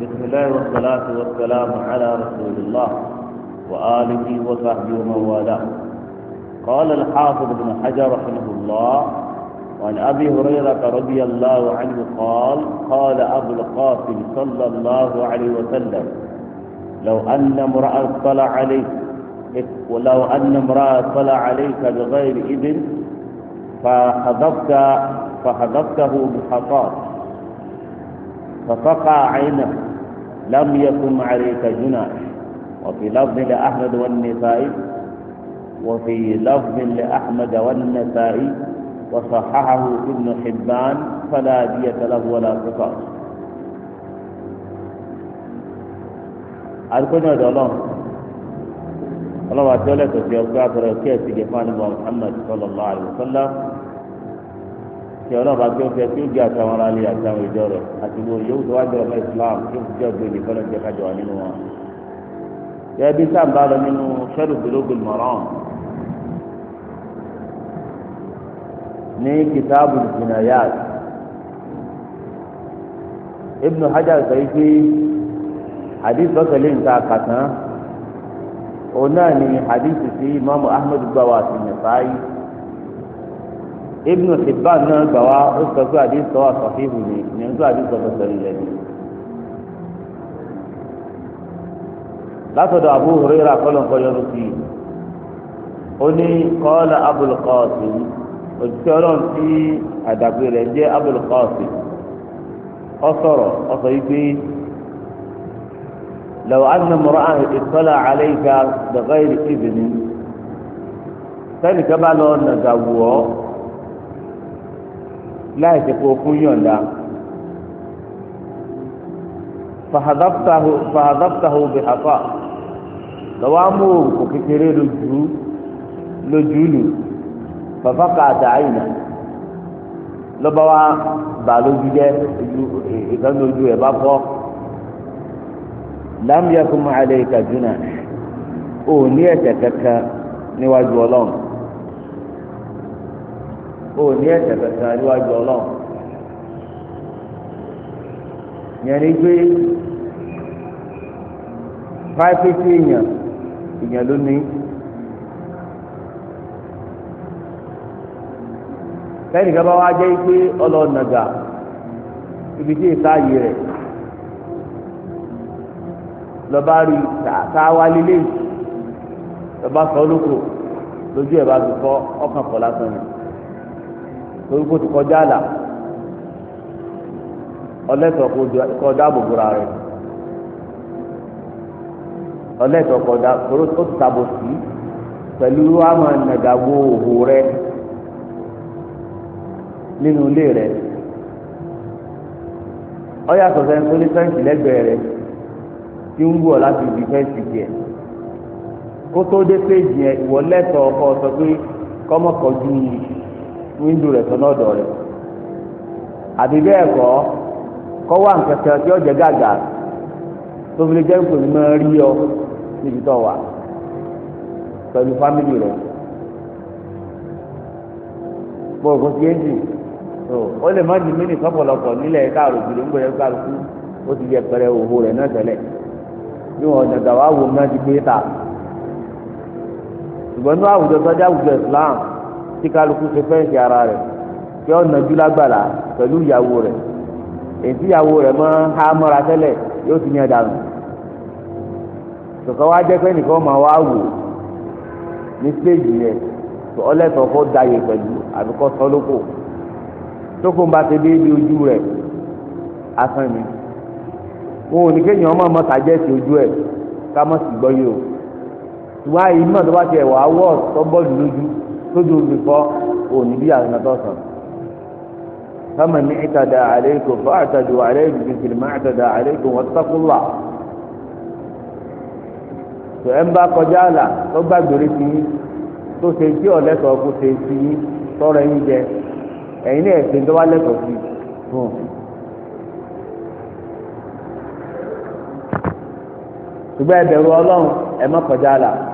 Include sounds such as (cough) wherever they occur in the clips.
بسم الله والصلاة والسلام على رسول الله وآله وصحبه ومن والاه قال الحافظ بن حجر رحمه الله وعن أبي هريرة رضي الله عنه قال قال أبو القاسم صلى الله عليه وسلم لو أن امرأة اطلع عليك ولو أن امرأة اطلع عليك بغير إذن فحذفت فحذفته بحطاك فتقع عينه لم يكن عليك جناح وفي لفظ لأحمد والنسائي وفي لفظ لأحمد والنسائي وصححه ابن حبان فلا دية له ولا قصاص هذا الله الله عز وجل في أوقات ركية في محمد صلى الله عليه وسلم kí ọlọ́run bá gbé ọ̀sẹ̀ tí ó gbé àtàwọn ará ilé àtàwọn ìjọ rẹ̀ àti wo yòówù tó wá jẹ́ ọmọ Islam tó fi jẹ́ ògbé nìkan lọ́jọ́ kájọ wà nínú wọn. yẹ bí sáà ń bá lọ nínú sẹ́dù gbèlógbè mọ̀rán ní kìtàbù jinayat Ibn Hajar sọ pé hadith lọ́sọ̀lẹ́ nǹkan àkàtàn òun náà ni hadith sí Imam Ahmad gbawo àti Nasa'i ibn hibban náà gbà wá ó sọ pé àdìsọ àsọfíìbù ni ìyẹn tó àdìsọ tó sọ nílẹ̀ ni. látọ̀dọ̀ abu hurairah kọ́lọ́nkọ́ yọrù sí i ó ní kọ́lá abul qasim òṣìṣẹ́ ọlọ́run tí àdàgbé rẹ̀ jẹ́ abul qasim sọ̀rọ̀ ó sọ yìí pé law anna mura'an ittala alayka bighayri idhnin sẹ́nìkan bá lọ nàgàwọ̀ ọ́ láì ṣe kó fún yọ̀ǹda fàhàdàpàtàhù bẹ àfà lọ́wọ́ amú òkú kékeré lójú lójú lù bàbá kàdà àyìnà lọ́ba wa bà lójú jẹ́ ìkànnì ojú ẹ̀ bá fọ́ lámìyàkùnmọ́ àlẹ́ ìkàdúnà ò ní ẹ̀ṣẹ̀ kankan níwájú ọlọ́run. o ní ẹ̀ṣẹ̀ kankan níwájú Ọlọ́run yẹn ni gbé pàápẹ́tì èèyàn èèyàn ló ní. sẹ́ni kan wá jẹ́ pé ibi tí ìsáàyè rẹ̀ lọ́ba rí táwa lílé lọ́ba sọ lójú ẹ̀ bá ti fọ́ ọkàn torí kó ti kọjá àlà ọlẹ́tọ̀ kó dáàbò bora rẹ̀ ọlẹ́tọ̀ kó dáàbò tó ti tàbò sí pẹ̀lú àmọ́ nàgàwó òhò rẹ̀ nínú ilé rẹ̀ ọyà sọ̀tẹ́ tó ní fẹ́ǹsì lẹ́gbẹ̀ẹ́ rẹ̀ tí ń wù ọ́ láti ibi fẹ́ǹsì tiẹ̀ kó tó dé péjì yẹn ìwọ ọkọ sọ pé kọ́mọkọ̀ ju yìí wíńdò rẹ̀ sọ náà dọ̀ rẹ̀ àbí bẹ́ẹ̀ kọ́ kọ́ wà nkẹ́kẹ́ tí ọ̀jẹ̀ gàgà tó fi lè jẹ́ kò ní máa rí ọ níbi tó wà pẹ̀lú fámìlì rẹ̀ gbogbo ti yéé dì ó lè má di mínì kọ́pọ̀lọpọ̀ nílẹ̀ káàrò jùlọ ń gbẹ̀rẹ̀ kálukú ó ti yẹ pẹrẹ òwò rẹ̀ náà tẹ́lẹ̀ bí wọn ọ̀dọ̀dọ̀ wá wò náà ti gbé ta ṣùgbọ́n ní àwùjọ sọ́jà àwùjọ Islam tí kálukú ṣe fẹ́ǹsì ara rẹ̀ kí ọ nàjú lágbàlá pẹ̀lú ìyàwó rẹ̀ èyí ìyàwó rẹ̀ mọ́ há mọ́ra tẹ́lẹ̀ yóò ti ní ẹ̀ dànù tòkàn wá jẹ́ pé nìkan máa wá wò ní stéèjì yẹn tó ọlẹ́tọ̀ọ́ kó dayè pẹ̀lú àbíkọ́ sọ́lókò tókò ń bá ti déédéé ojú rẹ̀ asán mi òun ò ní kéèyàn ọmọ ọmọ sàjẹ́sì ojú ẹ̀ ká mọ̀ sí gbọ́ yìí o ṣùgbọ́n àyè tó bá tiẹ̀ wà wọ̀ ọ́ lójú. lójú olùfọ́ òní bí àwọn ọ̀nà sọ̀rọ̀ fama ní ìtàdà àlẹ́kò fọ àtàdù àlẹ́kò bìtìlì má àtàdà àlẹ́kò ń bá kọjá àlà tó gbàgbére sí yín tó ṣe tí kó tọrọ jẹ ẹ̀yin náà wá lẹ́kọ̀ọ́ sí fún ṣùgbọ́n ẹ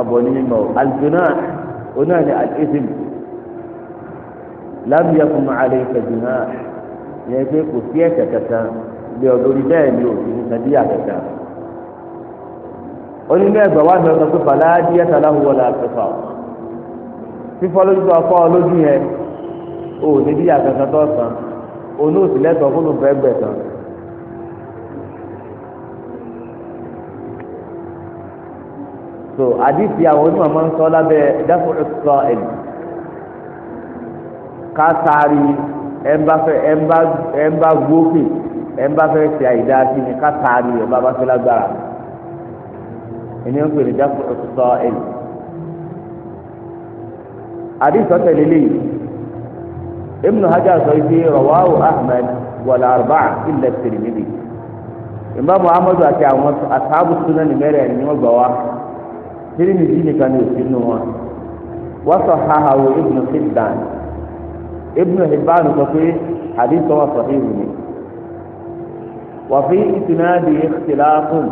ọbọ ní mímọ aljuna oná ni alisim lábìyàkùn àlẹ ìkẹjùnà yẹn pé kò sí ẹ̀ṣẹ̀ kankan bí ọlórí bẹ́ẹ̀ ni òfin nàbíyà kankan onílé ẹgbẹ́ wa bẹ̀rẹ̀ sọ pé bàláàdì ẹ̀ta láwùú wọlé àtẹ̀fà fífọ́ lójú tó afọ́ lójú yẹn ò ní bí àgàgà tó sàn onú lẹ́tọ̀ọ́ fún olùfẹ́ ẹgbẹ́ sàn. so àdìsí àwọn onímọ̀ máa ń sọ lábẹ́ dáfọ̀rọ̀ sọ ẹ̀lì ká taari ẹnba fẹ́ ẹnba ẹnba gbókè ẹnba fẹ́ ṣe àyídá sí ni ká taari ẹnba bá fẹ́ lágbára ẹni ń pè ní dáfọ̀rọ̀ sọ ẹ̀lì àdìsí ọ̀tẹ̀lẹ̀ lẹ́yìn ibnu hajar sọ ibi rọwáwò ahmed wàlá arba ilẹ̀ tìrìmìlì ìmọ̀ muhammadu àti àwọn asáàbù sunan mẹ́rẹ̀ẹ́rin ni wọ́n gbà wá. Tirmidhi nìkan ni òfin nù wọn wọ́n sọ ha ha wo Ibn Hibban Ibn Hibban sọ pé àdìsọ wà sọ̀hí wù mí wà fi ìtìnádì ìtìláfùn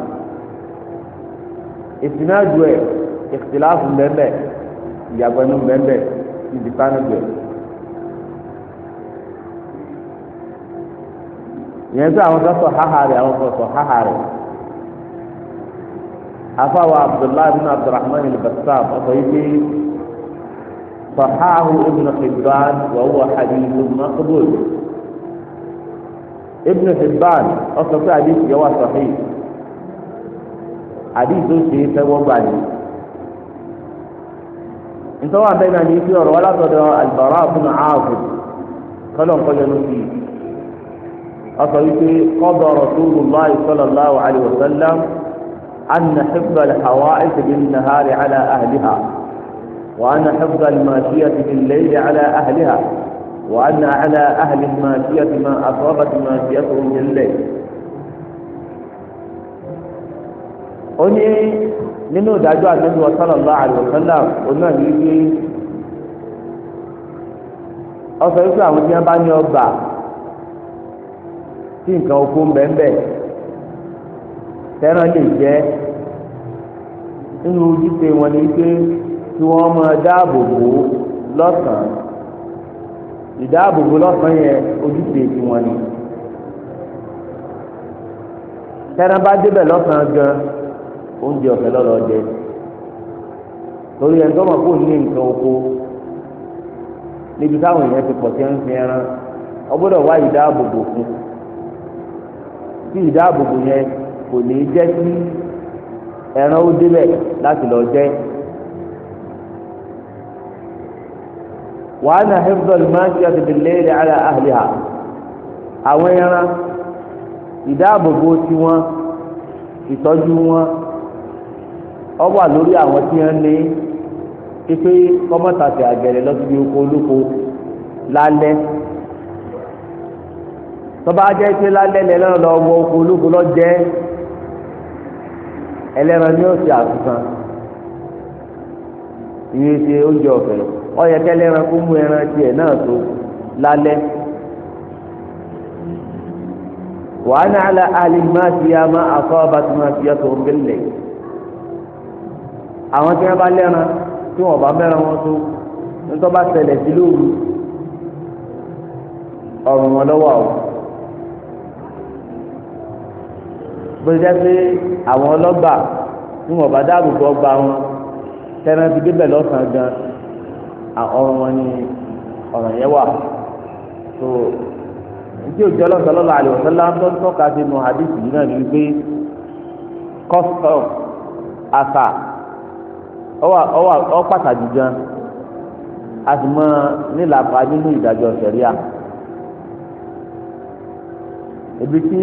ìtìnádù ẹ̀ ìtìláfùn bẹ́ẹ̀ ìyàgbẹ́nu bẹ́ẹ̀ ìdìpánu ẹ̀. yẹn sọ àwọn sọ sọ ha ha àwọn sọ sọ ha ha afáwọ̀ abdullahi bin abdulrahman al-bassam ọkọ̀ yìí pé sọ̀háhu ibn hibban wà wúwa hadithu maqbul ibn hibban ọkọ̀ pé hadith yẹ wà sahih hadith tó ṣe é fẹ́ wọ́n gbà ní. ntọ́wọ́ abẹ́ náà ní fi ọ̀rọ̀ wá látọ̀dọ̀ al-bara bin aazib kọ́lọ̀ ń ló fi ọkọ̀ yìí pé qada rasulullahi sallallahu alaihi wasallam. أن حفظ الحوائج بالنهار على أهلها وأن حفظ الماشية بالليل على أهلها وأن على أهل الماشية ما أصابت ماشيتهم بالليل ó ní nínú ìdájọ́ àdéhùn sallallahu alaihi wasallam oní àdéhùn ọ̀sẹ̀ wípé àwọn tí wọ́n bá ní ọgbà tí nǹkan oko bẹ́ẹ̀ bẹ́ẹ̀ tẹ́ran lè jẹ́ nínú ojúṣe wọn ni pé kí wọ́n máa dáàbò bò ó lọ́sàn-án ìdáàbò bò lọ́sàn-án yẹn ojúṣe ti ni tẹ́ran bá débẹ̀ lọ́sàn-án gan oúnjẹ ọ̀fẹ́ lọ́lọ́ jẹ torí ẹni tó mọ̀ kó ní nǹkan oko níbi táwọn fún yẹn kò ní jẹ́ kí ẹran ó débẹ̀ láti lọ jẹ́. wàhánà hefzol máa ń ṣe àtẹ̀lé ilẹ̀ ara àhìlíhà àwọn ẹran ìdáàbòbò tiwọn ìtọ́jú wọn ọ wà lórí àwọn tí wọ́n ní pípé kọ́mọ́tàfẹ́ àgẹ̀rẹ̀ lọ́sibí oko olóko lálẹ́ tọ́ba jẹ́ pé lálẹ́ lẹ́lẹ́ lọ́wọ́ oko olóko lọ́jẹ́ ẹlẹ́ran ni ó ṣe àtúntàn ìyẹn ṣe oúnjẹ ọ̀fẹ́ ọyẹ kẹlẹ́ran kó mú ẹran tiẹ̀ náà tó lálẹ́ wàhánà àlà àlìmáṣíyá máa àkọ́ abàtúmáṣíyá tó ń bẹ̀lẹ̀ àwọn tí wọ́n bá lẹ́ran tí wọ́n bá mẹ́ran wọn tó nítorí bá ṣẹlẹ̀ sí lóru ọ̀rùn wọn lọ́wọ́ àwọn. bó ṣe jẹ́ pé àwọn ọlọ́gbà tí wọ́n bá dáàbò bọ́ gba wọn tẹ́lẹ̀ ti débẹ̀ lọ́sàn-án gan ọ̀rọ̀ wọn ni ọ̀rọ̀ yẹn wà tó ìdí òjò ọlọ́sọ̀lọ́lọ́ àlùfẹ́lá ń tọ́ka sí nu hadith yìí náà ni pé custom àṣà ó pàtàkì gan a sì mọ nílàpá nínú ìdájọ́ sẹ̀ríà ibi tí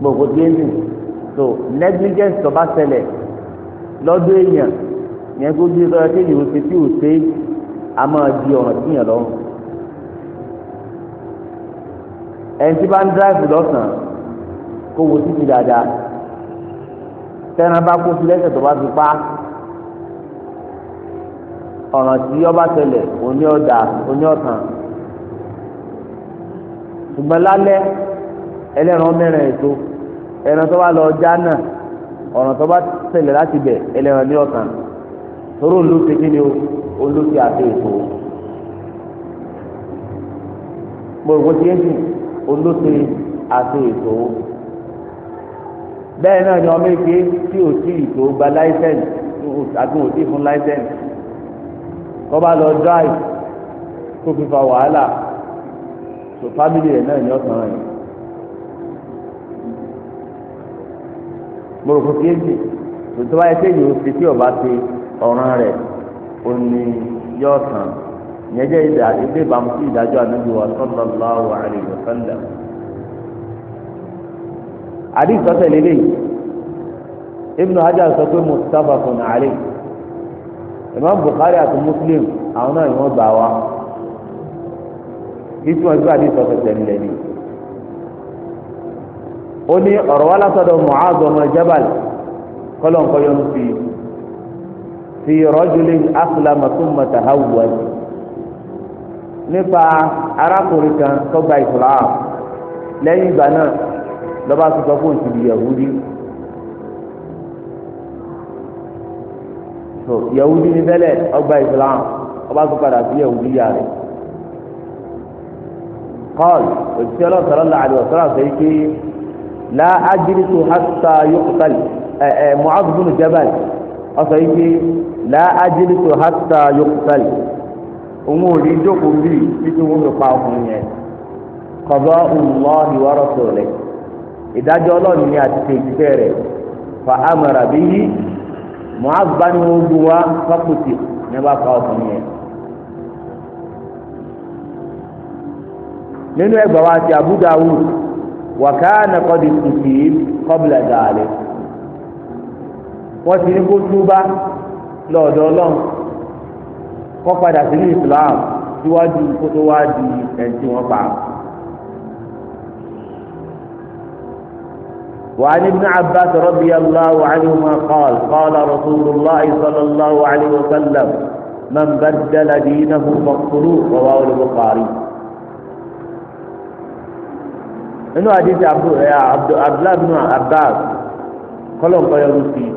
gbogbo tí so negligence tó bá ṣẹlẹ̀ lọ́dọ̀ èèyàn yẹn kó bí ọ̀rọ̀ tí yìí ó ṣe tí ò ṣe a máa di ọ̀ràn tí yàn lọ́rùn ẹni tí bá ń dráìfù lọ́sàn-án kó wo títì dáadáa tẹ́ran bá kó sí lẹ́sẹ̀ tó bá fi pa ọ̀ràn tí ọba ṣẹlẹ̀ òní ọ̀dà òní ọ̀tàn ṣùgbọ́n lálẹ́ ẹlẹ́ran mẹ́rin ètò ẹran tó bá lọ jánà ọ̀ràn tó bá tẹ̀lé láti bẹ̀ ẹlẹ́ran ní ọ̀kan torí olú ti ni o olú ti àti ètò gbogbo ti yéésì olú ti àti ètò bẹ́ẹ̀ náà ni ọmọ èké tí ò tí ìtò gba láìsẹ̀nsì àti ò tí fún láìsẹ̀nsì kọ́ bá lọ drive tó fi fa wàhálà so family rẹ̀ náà ni ọ̀sán rẹ̀. mo rò pé kéèjì tòtò báyìí tẹ̀lé o ti tí ọba ti ọ̀ràn rẹ̀ o ní yọ tán ìyẹn jẹ́ ìdá ilé ìbámu sí ìdájọ́ ànábi wa sallallahu alaihi wa sallam. àdìs sọ́sẹ̀ lélẹ́yìí Ibn Hajar sọ pé muttafaqun alaihi Imam Bukhari àti Muslim àwọn náà ni wọ́n gbà wá ìtumọ̀ ìgbà àdìs sọ́sẹ̀ tẹ̀lé lẹ́yìn ó ní ọ̀rọ̀ wá látọ̀dọ̀ Mu'adh ọmọ Jabal kọ́lọ́ǹkọ́ yọnu fi fi rajulin aslama thumma tahawwal nípa arákùnrin kan tó gba Islam lẹ́yìn ìgbà náà lọ́ba tó sọ fún ìsìlì Yahudi. so yahudi ni tẹ́lẹ̀ ọgbà islam ọba tó padà sí yahudi yà kọl òtítọ́ lọ́sọ̀rọ̀ làdì ọ̀sọ̀rọ̀ àfẹ́ ike la ajiritu hasa yuqtal ẹ ẹ mu'adh bin jabal ọsọ ike laa la ajiritu hasa yuqtal òun ò rí jókòó bí títí wọn fi pa ọkùnrin yẹn kọ̀bọ́ ọlọ́ọ̀hìn wọ́rọ̀ sọ̀rọ̀ ìdájọ́ ọlọ́ọ̀ni ni àti fa wàkàánà kọ́dí tùtù yìí kọ́bìlà dàlẹ́ wọ́n ti ní kó túbá lọ́dọ̀ ọlọ́run kọ́ padà sínú Islam síwájú kó tó wá di ẹ̀ǹtí wọn pa. وعن ابن عباس رضي الله عنهما قال قال رسول الله صلى الله عليه وسلم من بدل دينه فاقتلوه رواه البخاري nínú àdìsí eh, abdullahi bin abbas kọ́lọ̀ nǹkan yọrù sí i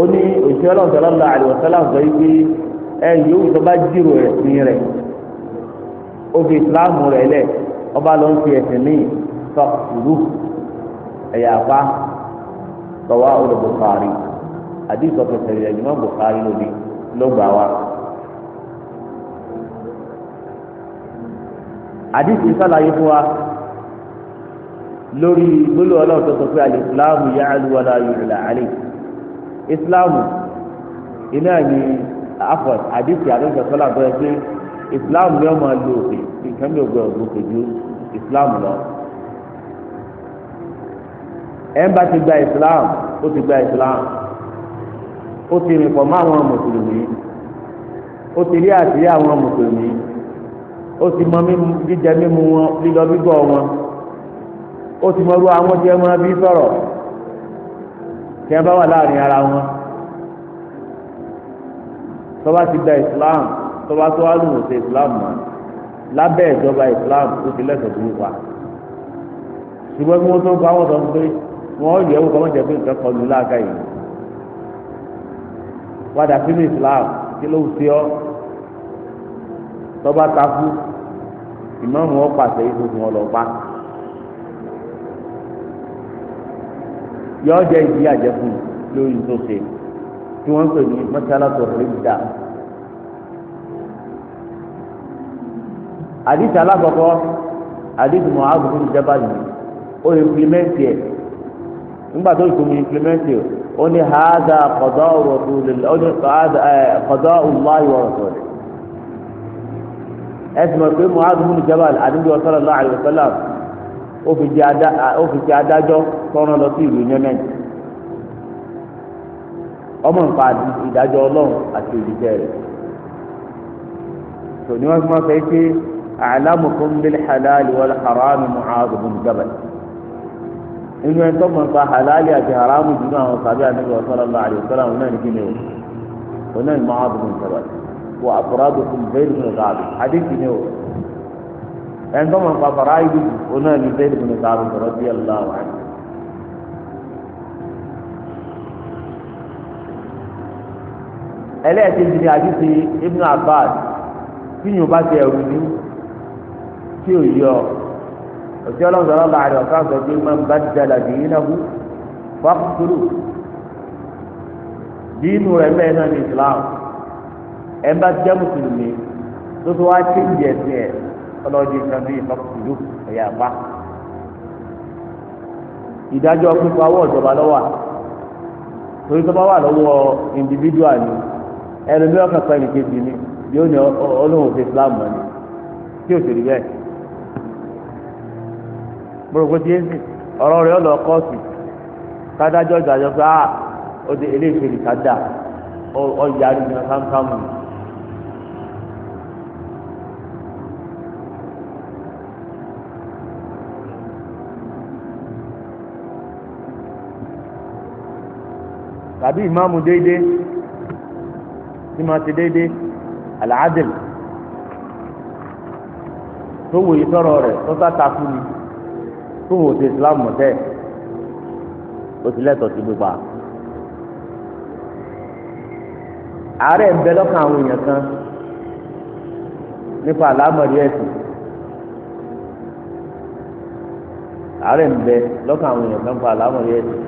ó ní òṣìṣẹ́ ọlọ́ọ̀sọ́lá lọ àdìwọ̀sọ́lá sọ yìí pé ẹ yòówù tó bá jírò rẹ̀ rẹ̀ ó fi rẹ̀ lẹ̀ ọba ló ń fi ẹ̀sìn sọ ìlú ẹ̀yà apá lọ́wọ́ olùbùkárì àdìsí ọ̀fẹ̀sẹ̀ rẹ̀ ìjùmọ̀ bùkárì lóbi ló gbà wá. àdìsí fún wa. lórí gbólú ọlọ́run tó sọ pé alìsílámù yá alùwàlà yorùbá àlè ìsìlámù iná ni afọ àdìsí àdìsí ọ̀sọ́lá tó yẹ pé ìsìlámù yóò máa lo òfin nǹkan mi ò gbọ́ ògbó kojú ìsìlámù lọ. ẹ̀ńbà ti gba ìsìlámù ó ti gba ìsìlámù ó ti rìn pọ̀ mọ́ àwọn mùsùlùmí ó ti rí àṣírí àwọn mùsùlùmí ó ti mọ jíjẹ mímu wọn lílọ bíbọ̀ wọn ó ti mọ̀rú àwọn tí ẹ máa bí sọ̀rọ̀ tí ẹ bá wà láàrin ara wọn tọ́ba ti gba Islam tọ́ba tó wà lùmọ̀ sí Islam mọ́ lábẹ́ ìjọba Islam ó ti lẹ́sọ̀ tó wà ṣùgbọ́n kí wọ́n tó ń pa wọ́n sọ pé wọ́n yẹ̀ wò kọ́mọ̀jẹ̀ pé nǹkan kọlu láàká yìí padà sínú Islam kí ló ń ṣe ọ́ tọ́ba takú ìmọ̀ọ́mù ọ́ pàṣẹ ìfúnfún ọlọ́pàá. yọ jẹ ìdí àjẹkù lórí tó tí wọ́n pè ní mọ́ṣáláṣọ rìdà. àdìsí alákọ̀ọ́kọ́ àdìsí Mu'adh bin Jabal yìí ó implimẹ́ǹtì ẹ̀ nígbà tó ìkùn mi ẹ̀ ó ní hàdà qada'u rasulillah ó ní qada'u wa ẹsùn ọ̀pẹ Mu'adh bin Jabal àdìsí ó fi adájọ́. tọ́nà lọ sí ìlú yemen ọmọ nǹkan ìdájọ́ ọlọ́run àti òjijẹ́ rẹ̀ tòní wọn fún wọn fẹ́ pé a'lamukum bil halal wal haram Mu'adh bin Jabal inú ẹ̀ tọ́mọ̀ nǹkan halali àti haramu jù àwọn sàbí àti ìwà sallallahu alaihi wasallam àwọn náà ní ni o wọn náà ní Mu'adh bin Jabal wọ fún bẹ́ẹ̀ ní ọ̀gáàbí àdéhùn ni o ẹ̀ tọ́mọ̀ nǹkan fara wọn náà ní bẹ́ẹ̀ ní ọ̀gáàbí radiyallahu anhu ẹlẹ́ẹ̀kejì ni àdìsí Ibn Abbas tí yóò bá ti ẹ̀rù ní tí ò yọ òtí ọlọ́run sọ̀rọ̀ bá àdìọ̀ sọ pé máa ń bá dàdà dìní náà kú fákúrú dínú rẹ̀ mẹ́rin náà ní Islam ẹ̀ ń bá jẹ́ mùsùlùmí tó tó wá chéńjì ẹ̀sìn ẹ̀ ọlọ́dún kan bí ẹ̀yà ìdájọ́ pípa ìjọba lọ́wọ́ torí tó individual ẹlòmíì ọkàn pẹ̀lú kejì ni yóò ní ọlọ́run fi islam mọ́ ni tí ò sì rí bẹ́ẹ̀. gbogbo tí yéé sì ọ̀rọ̀ rẹ̀ ọ̀lọ́ kọ́ọ̀sì kádájọ́ ìdájọ́ pé ah ọdẹ eléyìí fèrè kádà ní kámkámù. tàbí ìmáàmù déédéé. tí deede ti déédé àlàádìl tó wòye sọ̀rọ̀ rẹ̀ tó tó wò ti islam tẹ o ti lẹ́tọ̀ọ́ gbogbo a. bẹ àwọn kan nípa àlámọ̀rí ẹ̀sìn àárẹ̀ ń bẹ àwọn èèyàn kan nípa àlámọ̀rí ẹ̀sìn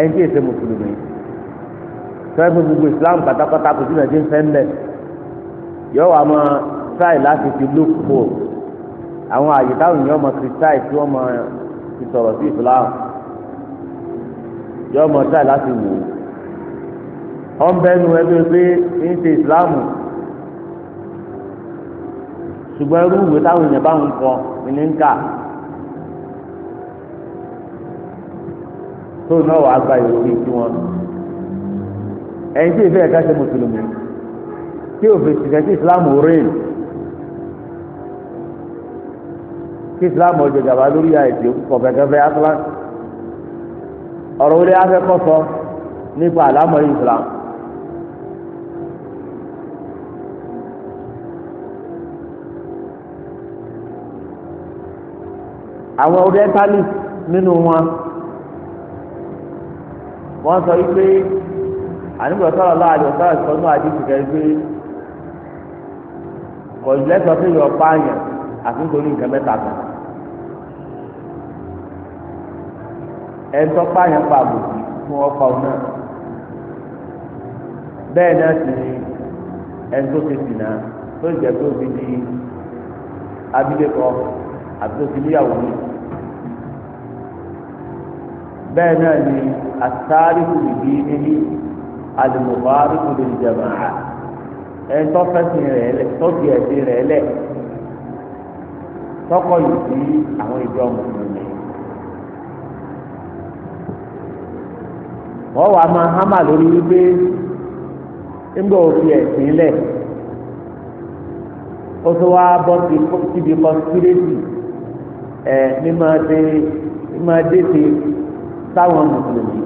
ẹni tí èsè mùsùlùmí fẹ́ẹ́ fún gbogbo islam pátápátá kò sí náà ti ń fẹ́ mbẹ́ yọ wà mọ́ try láti fi look for àwọn àyè táwọn èèyàn mọ christian tí wọ́n mọ ti sọ̀rọ̀ sí islam yọ mọ́ try láti wò ó ọ̀nbẹ́nu ẹgbẹ́ pé ń ṣe islam ṣùgbọ́n irú ìwé táwọn èèyàn bá ń kọ ní ń kà. tó náà wàá gba ìròyìn tí wọn ẹni tí ìfẹ́ ẹ̀ka ṣe mùsùlùmí tí òfin ṣiṣẹ́ tí islam rìn tí islam ọjọ́ ìjàmbá lórí àìsí kọ̀fẹ́kẹ́fẹ́ atlan ọ̀rọ̀ orí afẹ́kọ́ sọ nípa àlámọ̀ islam. àwọn orientalist nínú wọn. wọ́n sọ wípé àníbọ̀ sọ̀rọ̀ lọ́wọ́ àjọ sọ̀rọ̀ sọ àdìsí kẹ́ wípé kò lẹ́sọ̀ sí yọ pààyàn àti nítorí nǹkan mẹ́ta kan ẹ̀ńtọ́ pààyàn pa àbòsí fún ọkọ̀ bẹ́ẹ̀ náà sì ni ti sì náà tó tó di abilékọ àti tó bẹ́ẹ̀ ni asáríkù ìdí níbi alùmùbáríkù lè jẹ̀mọ́ à ẹ̀ tọ́fẹ́sìn rẹ̀ lẹ̀ tọ́jú ẹ̀sìn rẹ̀ lẹ̀ tọkọ yìí sí àwọn ìjọ mùsùlùmí. wọ́n wàá máa hámà lórí wípé sáwọn mùsùlùmí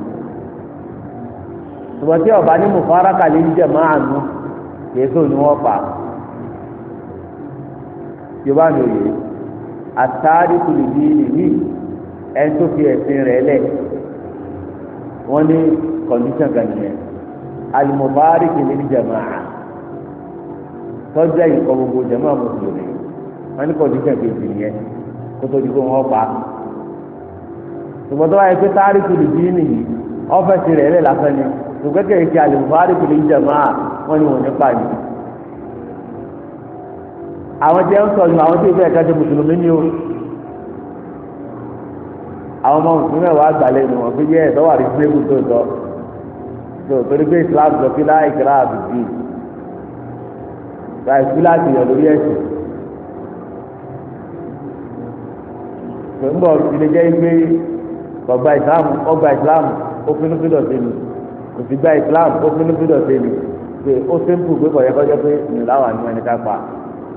ṣùgbọ́n tí ọba ní mùfáraka lè jẹ máa nù yéésù ni wọ́n pa yorùbá ni òye àtàrí kùlùmí nìyí ẹni tó fi ẹ̀sìn rẹ̀ lẹ̀ wọ́n ní kọ̀ǹdíṣàn kan yẹn alimọ̀bárìkì lè jẹ máa tọ́jú ẹ̀yìn kọ́ gbogbo jẹ máa mùsùlùmí wọ́n ní kọ̀ǹdíṣàn kejì yẹn kótó di kó wọ́n pa ṣùgbọ́n tó bá yẹ pé táríkù lè dín nìyí ọ́fẹ́sì rẹ̀ lè lásán ni ṣùgbọ́n kẹ̀kẹ́ kí alẹ́ táríkù lè jẹ̀ máa wọ́n ní wọ́n nípa ni. àwọn tí ẹ ń sọ ju àwọn tí ìfẹ́ ẹ̀ka ti mùsùlùmí ni o àwọn ọmọ mùsùlùmí ẹ̀ wá gbàlẹ́ ni wọ́n fi yẹ ẹ̀dọ́ wà rí sílẹ̀kù tó tọ́ tó torí pé Islam sọ kí láì kíra àbùkù láì sí láti yàn lórí ẹ̀sìn pẹ̀lú bọ̀ ìdílé jẹ́ ìgbé islam ìsìlámù ọgbà islam ó finú fi dọ̀tí mi kò sì gba islam ó finú fi dọ̀tí mi pé ó sẹ́ńpù pé kọ̀yẹ́ kọjá pé mi láwà ní ẹni ká pa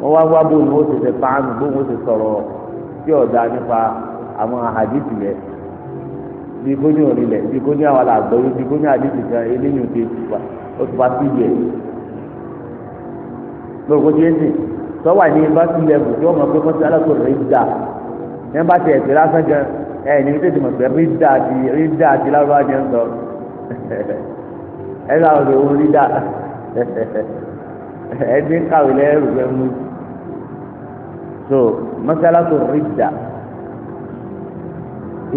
wọ́n wá wá bóun ó ti ṣe bóun ó ti sọ̀rọ̀ tí ọ̀dà nípa àwọn àdìsí yẹn bí kò ní òrìlẹ̀ bí kò ní àwọn bí kò ní àdìsí eléyìí ó ti pa sí ẹ ní tètè mọ̀ pé rídà ti rídà ti lárúbá jẹ́ ń sọ ẹ náà lè wo rídà ẹ ní kàwé lẹ́rù rẹ mú so mọ́sálásó rídà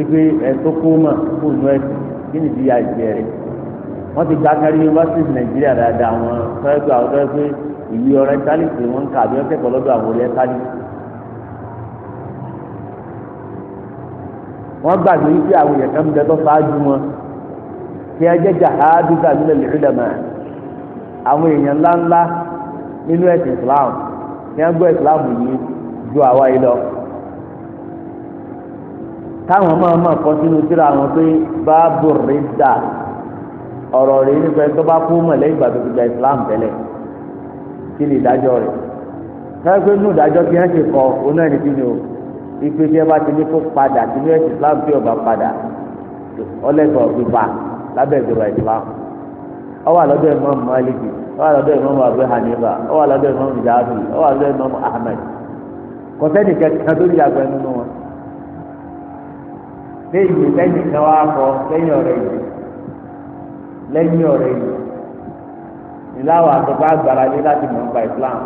ipe ẹ̀tọ́ kó mọ̀ kó nù ẹ̀ kí ni ìdíyà ìjẹ rẹ̀ wọ́n ti gba kárí yunifásitì nàìjíríà dáadáa wọn fẹ́ẹ́ gba àwọn fẹ́ẹ́ pé ìwé ọ̀rẹ́ntálìsì wọn ń kà àbí wọ́n kẹ́kọ̀ọ́ lọ́dọ̀ àwọn ọ̀rẹ́ntálìsì. wọ́n gbàgbé wípé àwọn èèyàn kan bẹ tó ṣáájú wọn kí ẹ jẹ́ jàhádùúgbà nílẹ̀ lẹ́hìnlẹ́mọ̀ àwọn èèyàn ńláńlá nínú ẹ̀sìn Islam ní a gbọ́ Islam yìí ju àwa yìí lọ táwọn máa máa kọ́ sínú síra wọn pé dà ọ̀rọ̀ nípa ẹni tó bá kú mọ̀ lẹ́yìn Islam tẹ́lẹ̀ kí ni ìdájọ́ rẹ̀ pé ìdájọ́ kí wọ́n ìgbésẹ̀ bá ti ní kó padà tí ní ẹ̀sìn islam ọba padà ọlẹ́sọ̀ fífa lábẹ́ ìjọba islam ọwọ́ àlọ́dọ̀ imam maliki ọwọ́ àlọ́dọ̀ imam abu hanifa ọwọ́ àlọ́dọ̀ imam jafi ọwọ́ àlọ́dọ̀ imam ahmed kọ́sẹ́nì kẹta tó di àgbẹ̀ nínú wọn lẹ́yìn lẹ́yìn kan wá kọ lẹ́yìn ọ̀rẹ́ yìí lẹ́yìn ọ̀rẹ́ yìí ìláwọ̀ àtọ́gbà láti mọ̀ nípa islam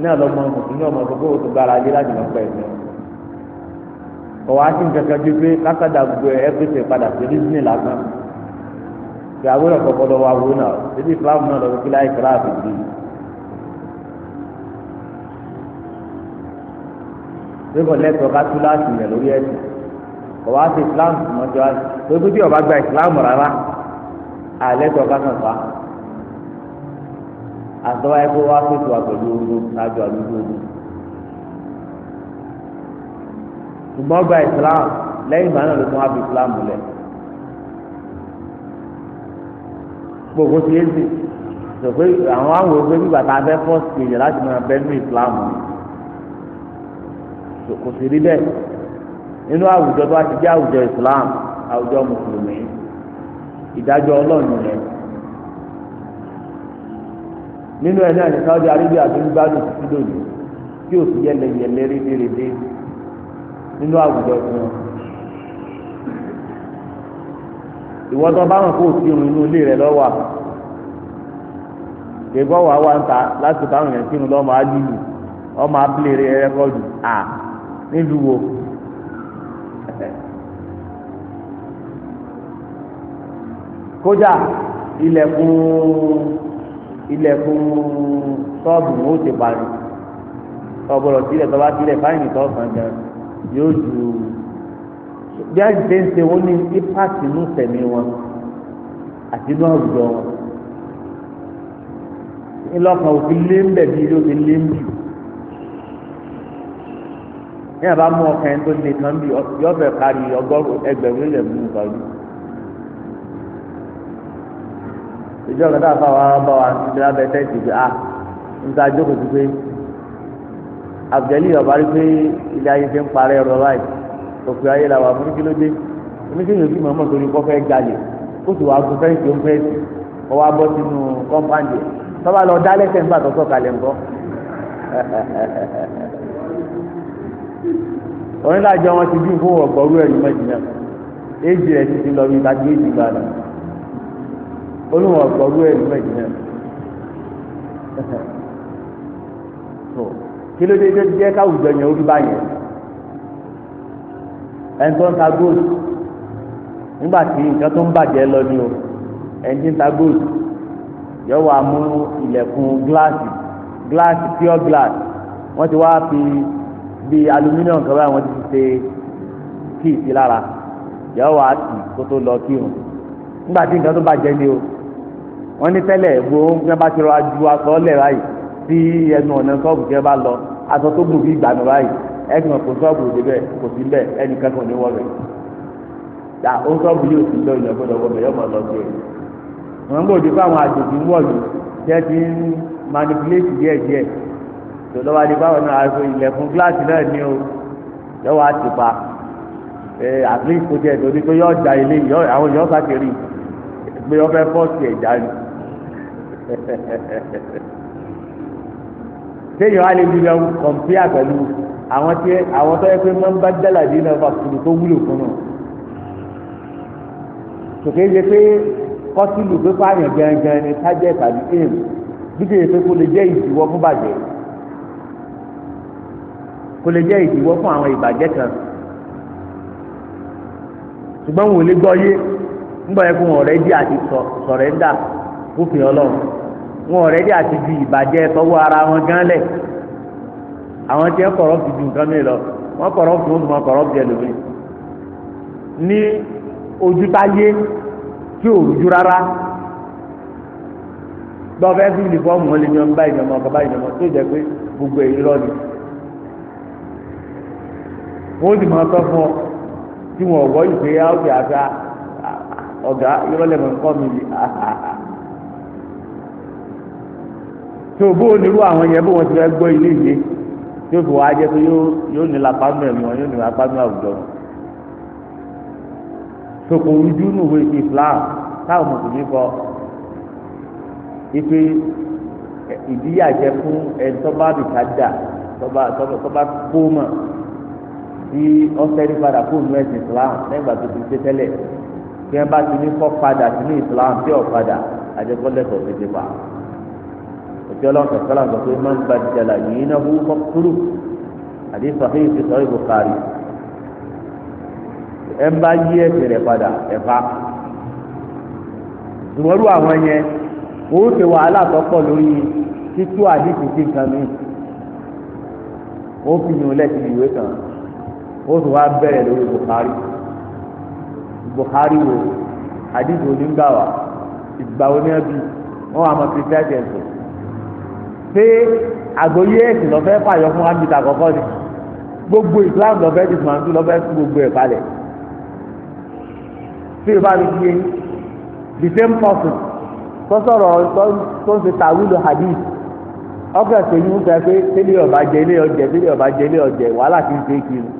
ní àlọ́ ọmọ ọwọ́ á ti ń kankan ju pé lákàdá gbogbo ẹ pèsè padà sí disney lásán tí àwòrán kọ̀ọ̀kan lọ wà wò náà ebi islam náà lọ kí láì kíláà fi di. pépọ̀ lẹ́tọ̀ọ́ ká tú láti yẹn lórí ẹ̀sìn ọwọ́ á ti islam mọ́jọ́ á pé pé tí ọba gba islam rárá àlẹ́tọ̀ọ́ ká kàn fa àtọ́wáyé kó wá pèsè wà pẹ̀lú ogun lájọ àlùjọ ogun. ṣùgbọ́n gba islam lẹ́yìn ìgbà náà ló tún wá fi islam lẹ̀ gbogbo ti ézì sọ̀pé àwọn àwọn ògbé bí bàtà abẹ́ fọ́ọ̀sì kejì láti máa bẹ́ nínú islam kò sì rí bẹ́ẹ̀ nínú àwùjọ tó a ti jẹ́ àwùjọ islam àwùjọ mùsùlùmí ìdájọ́ ọlọ́run yẹn nínú ẹ̀ náà ní Saudi Arabia tó ń gbádùn títí lónìí tí ò sì yẹlẹyẹlẹ rí rí rí dé. nínú àwùjọ fún wọn. ìwọ tó bá wọn kó irun inú ilé rẹ lọ wà. ègbọ́ wà wá ń ta láti báwọn yẹn sínú lọ́mọ ọmọ abúlé rẹ́kọ́dù à nílùú wo. (laughs) kódà ilẹ̀kùn ilẹ̀kùn tọ́ọ̀bù ó ti parí ọ̀bọ̀rọ̀ tọba tọ́ba sílẹ̀ yóò ju bí àjùṣe ń ṣe wọ́n ní ipaati inú sẹ̀mí wọn àti inú àwùjọ wọn ńlọ́kàn òfin lé ń bẹ̀ bí ilé òfin lé ń bì ní àbá mú ọkàn yẹn tó lè kàn bí yọ̀bẹ̀ kárí ọgọ́rùn ẹgbẹ̀rún lè mú nǹkan yìí. ìjọba tá a fà wá bá wa ń ti lábẹ́ tẹ́sí a ń ta jókòó ti pé abdali ọba rí pé ilé ayé ti ń parẹ́ ọ̀rọ̀ láì òpè ayé làwọn amúnikílódé oníkéyìn òbí mọ̀mọ́ torí kọ́ fẹ́ jalè ó sì wàá gun fẹ́ǹsì òun fẹ́ǹsì ọwọ́ abọ́ sínú kọ́ńpáǹdì tọ́ba lọ dá lẹ́sẹ̀ nígbà tó sọ̀kalẹ̀ ńkọ́ (laughs) onídàájọ́ wọn ti bí fún ọ̀gbọ́rú ẹ̀yìn mẹ́jìnà éjì rẹ̀ ti ti lọ bí ìtàkì éjì gbàdà olùwọ̀n ọ̀gbọ́rú ẹ̀yìn mẹ́jìnà. (laughs) kí ló dé dé jẹ́ káwùjọ yẹn orí báyẹn ẹni tó ń ta gold nígbà tí nǹkan tó ń bàjẹ́ lọ ni o ẹni tí ń ta gold yọ wà mú ilẹ̀kùn gíláàsì gíláàsì pure glass wọ́n ti wá fi bí aluminium kan báyìí wọ́n ti ṣe kíì sí lára yọ wà tì kó tó lọ kírun nígbà tí nǹkan tó bàjẹ́ ni o wọ́n ní tẹ́lẹ̀ gbogbo wọn bá ti rọra ju aṣọ lẹ̀ báyìí sí ẹnu ọ̀nà sọ́ọ̀bù tí ẹ bá lọ aṣọ tó gùn bí ìgbàanù báyìí ẹgbẹ́ kò sọ́ọ̀bù òde bẹ́ẹ̀ kò sí bẹ́ẹ̀ ẹnì kankan ò ní wọ́ bẹ́ẹ̀ ta ó sọ́ọ̀bù yóò sí lọ́ọ̀ ìyẹn gbọ́dọ̀ wọ́ bẹ́ẹ̀ yọmọ lọ sí ẹ̀ wọ́n ń gbòdì fún àwọn àjòjì ń wọ̀ yìí tí ẹ ti ń manipulate díẹ̀ díẹ̀ lọ́wọ́ adé báwọn náà aṣọ ilẹ̀kùn gíláàsì náà ní o lọ́wọ́ àtìpa ẹ àti ìkọjá ẹ̀ torí pé yọ ọjà ilé yọ àwọn yọ sákèrè pé téèyàn á lè fi lọ kọ̀m̀píà pẹ̀lú àwọn tí àwọn tó yẹ pé máa ń bá dálàdì náà fà kùdù tó wúlò fún wọn. tòkè ṣe pé kọ́sílù pé fáyàn gangan ni tájẹ́ tàbí aim bí kéde pé kó lè jẹ́ ìdíwọ́ fún bàjẹ́ kó lè jẹ́ ìdíwọ́ fún àwọn ìbàjẹ́ kan ṣùgbọ́n wò lè gbọ́ yé ńgbọ́ yẹ kó wọn ọ̀rẹ́ dí àti sọ̀rẹ́ dà kó fi hàn wọn ọ̀rẹ́dí àti ju ìbàjẹ́ tọwọ́ ara wọn gán àwọn tí wọ́n kọ̀rọ̀pù ju nǹkan mi lọ wọn mọ kọ̀rọ̀pù ẹlòmíì ní ojú táyé tí ò rújú rárá gbọ́fẹ́ fi lè yan báyìí ní ọmọ ọkọ báyìí tó pé gbogbo èyí lọ ni wọ́n máa fún ọ tí wọ́n wọ́ ìgbéyàwó àti ọ̀gá (laughs) tó bó onírú àwọn yẹn bó wọn ti fẹ́ gbọ́ ilé ìgbé yóò fi wàá jẹ́ pé yóò ní lápánú ẹ̀mí wọn yóò ní lápánú àwùjọ wọn. ojú nùwé ti Islam táwọn mùsùlùmí kọ ipe ìdíyàjẹ fún ẹni tó bá bìkà dà tó kó mọ̀ tí ọ̀sẹ̀ ní padà kó nu ẹ̀sìn Islam lẹ́gbàá tó ti ṣe tẹ́lẹ̀ bí wọ́n bá ti ní kọ́ padà sínú Islam tí ò padà àjẹkọ́lẹ̀ tó ti ti pa òṣèlú ọ̀sán sọ́lá sọ pé máa ń gba ìjàlá yìí náà wú fọ́kúrú àti sọ̀hí ìfisọ̀ ìbùkárì ẹ̀ ń bá yí ẹ̀sìn rẹ̀ padà ẹ̀fà ìwọ́rú àwọn yẹn ó ṣe wàhálà tọ́pọ̀ lórí títú àdìsí sí nǹkan mi ó fi yùn lẹ́sìn ìwé kan ó sì wá bẹ̀rẹ̀ lórí Bukhari Bukhari wo àdìsí onígbàwà ìgbà oníyàbí wọn wà máa fi tẹ́tẹ̀ sùn pé àgbóyé ẹ̀sìn lọ́fẹ́ fàyọ fún ámbìtà àkọ́kọ́ ni gbogbo Islam lọ́fẹ́ ti sùn àti lọ́fẹ́ fún gbogbo ẹ̀ palẹ̀ tí o bá mi fi the same person tó sọ̀rọ̀ tó ń ṣe tàwílò hadith ọkọ̀ ẹ̀sìn yìí ń sọ pé tẹ́lẹ̀ ọba jẹ ilé ọjẹ tẹ́lẹ̀ ọba jẹ ilé ọjẹ wàhálà ti ń ṣe kiri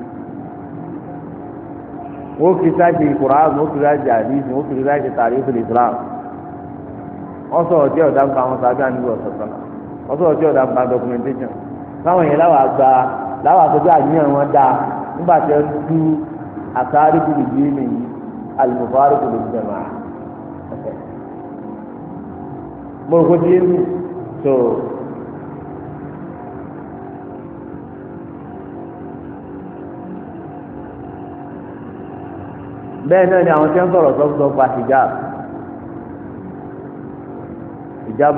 wọ́n kiri sáàjì Kùránì wọ́n kiri sáàjì àdìsí wọ́n kiri sáàjì tàrí fún Islam wọ́n sọ̀rọ̀ tí ọ̀dà ń pa àwọn sábẹ́ àníwọ̀ sọ̀tọ̀ náà. wọ́n sọ̀rọ̀ tí ọ̀dà gba documentation káwọn yẹn láwọn àgbà láwọn àtọ́jú àníyàn wọn dáa nígbà tí wọ́n du àtàrí kùlù bíi nìyí àlùmọ̀fárí mo tí tó. bẹ́ẹ̀ náà ni àwọn tí wọ́n sọ̀rọ̀ pa hijab hijab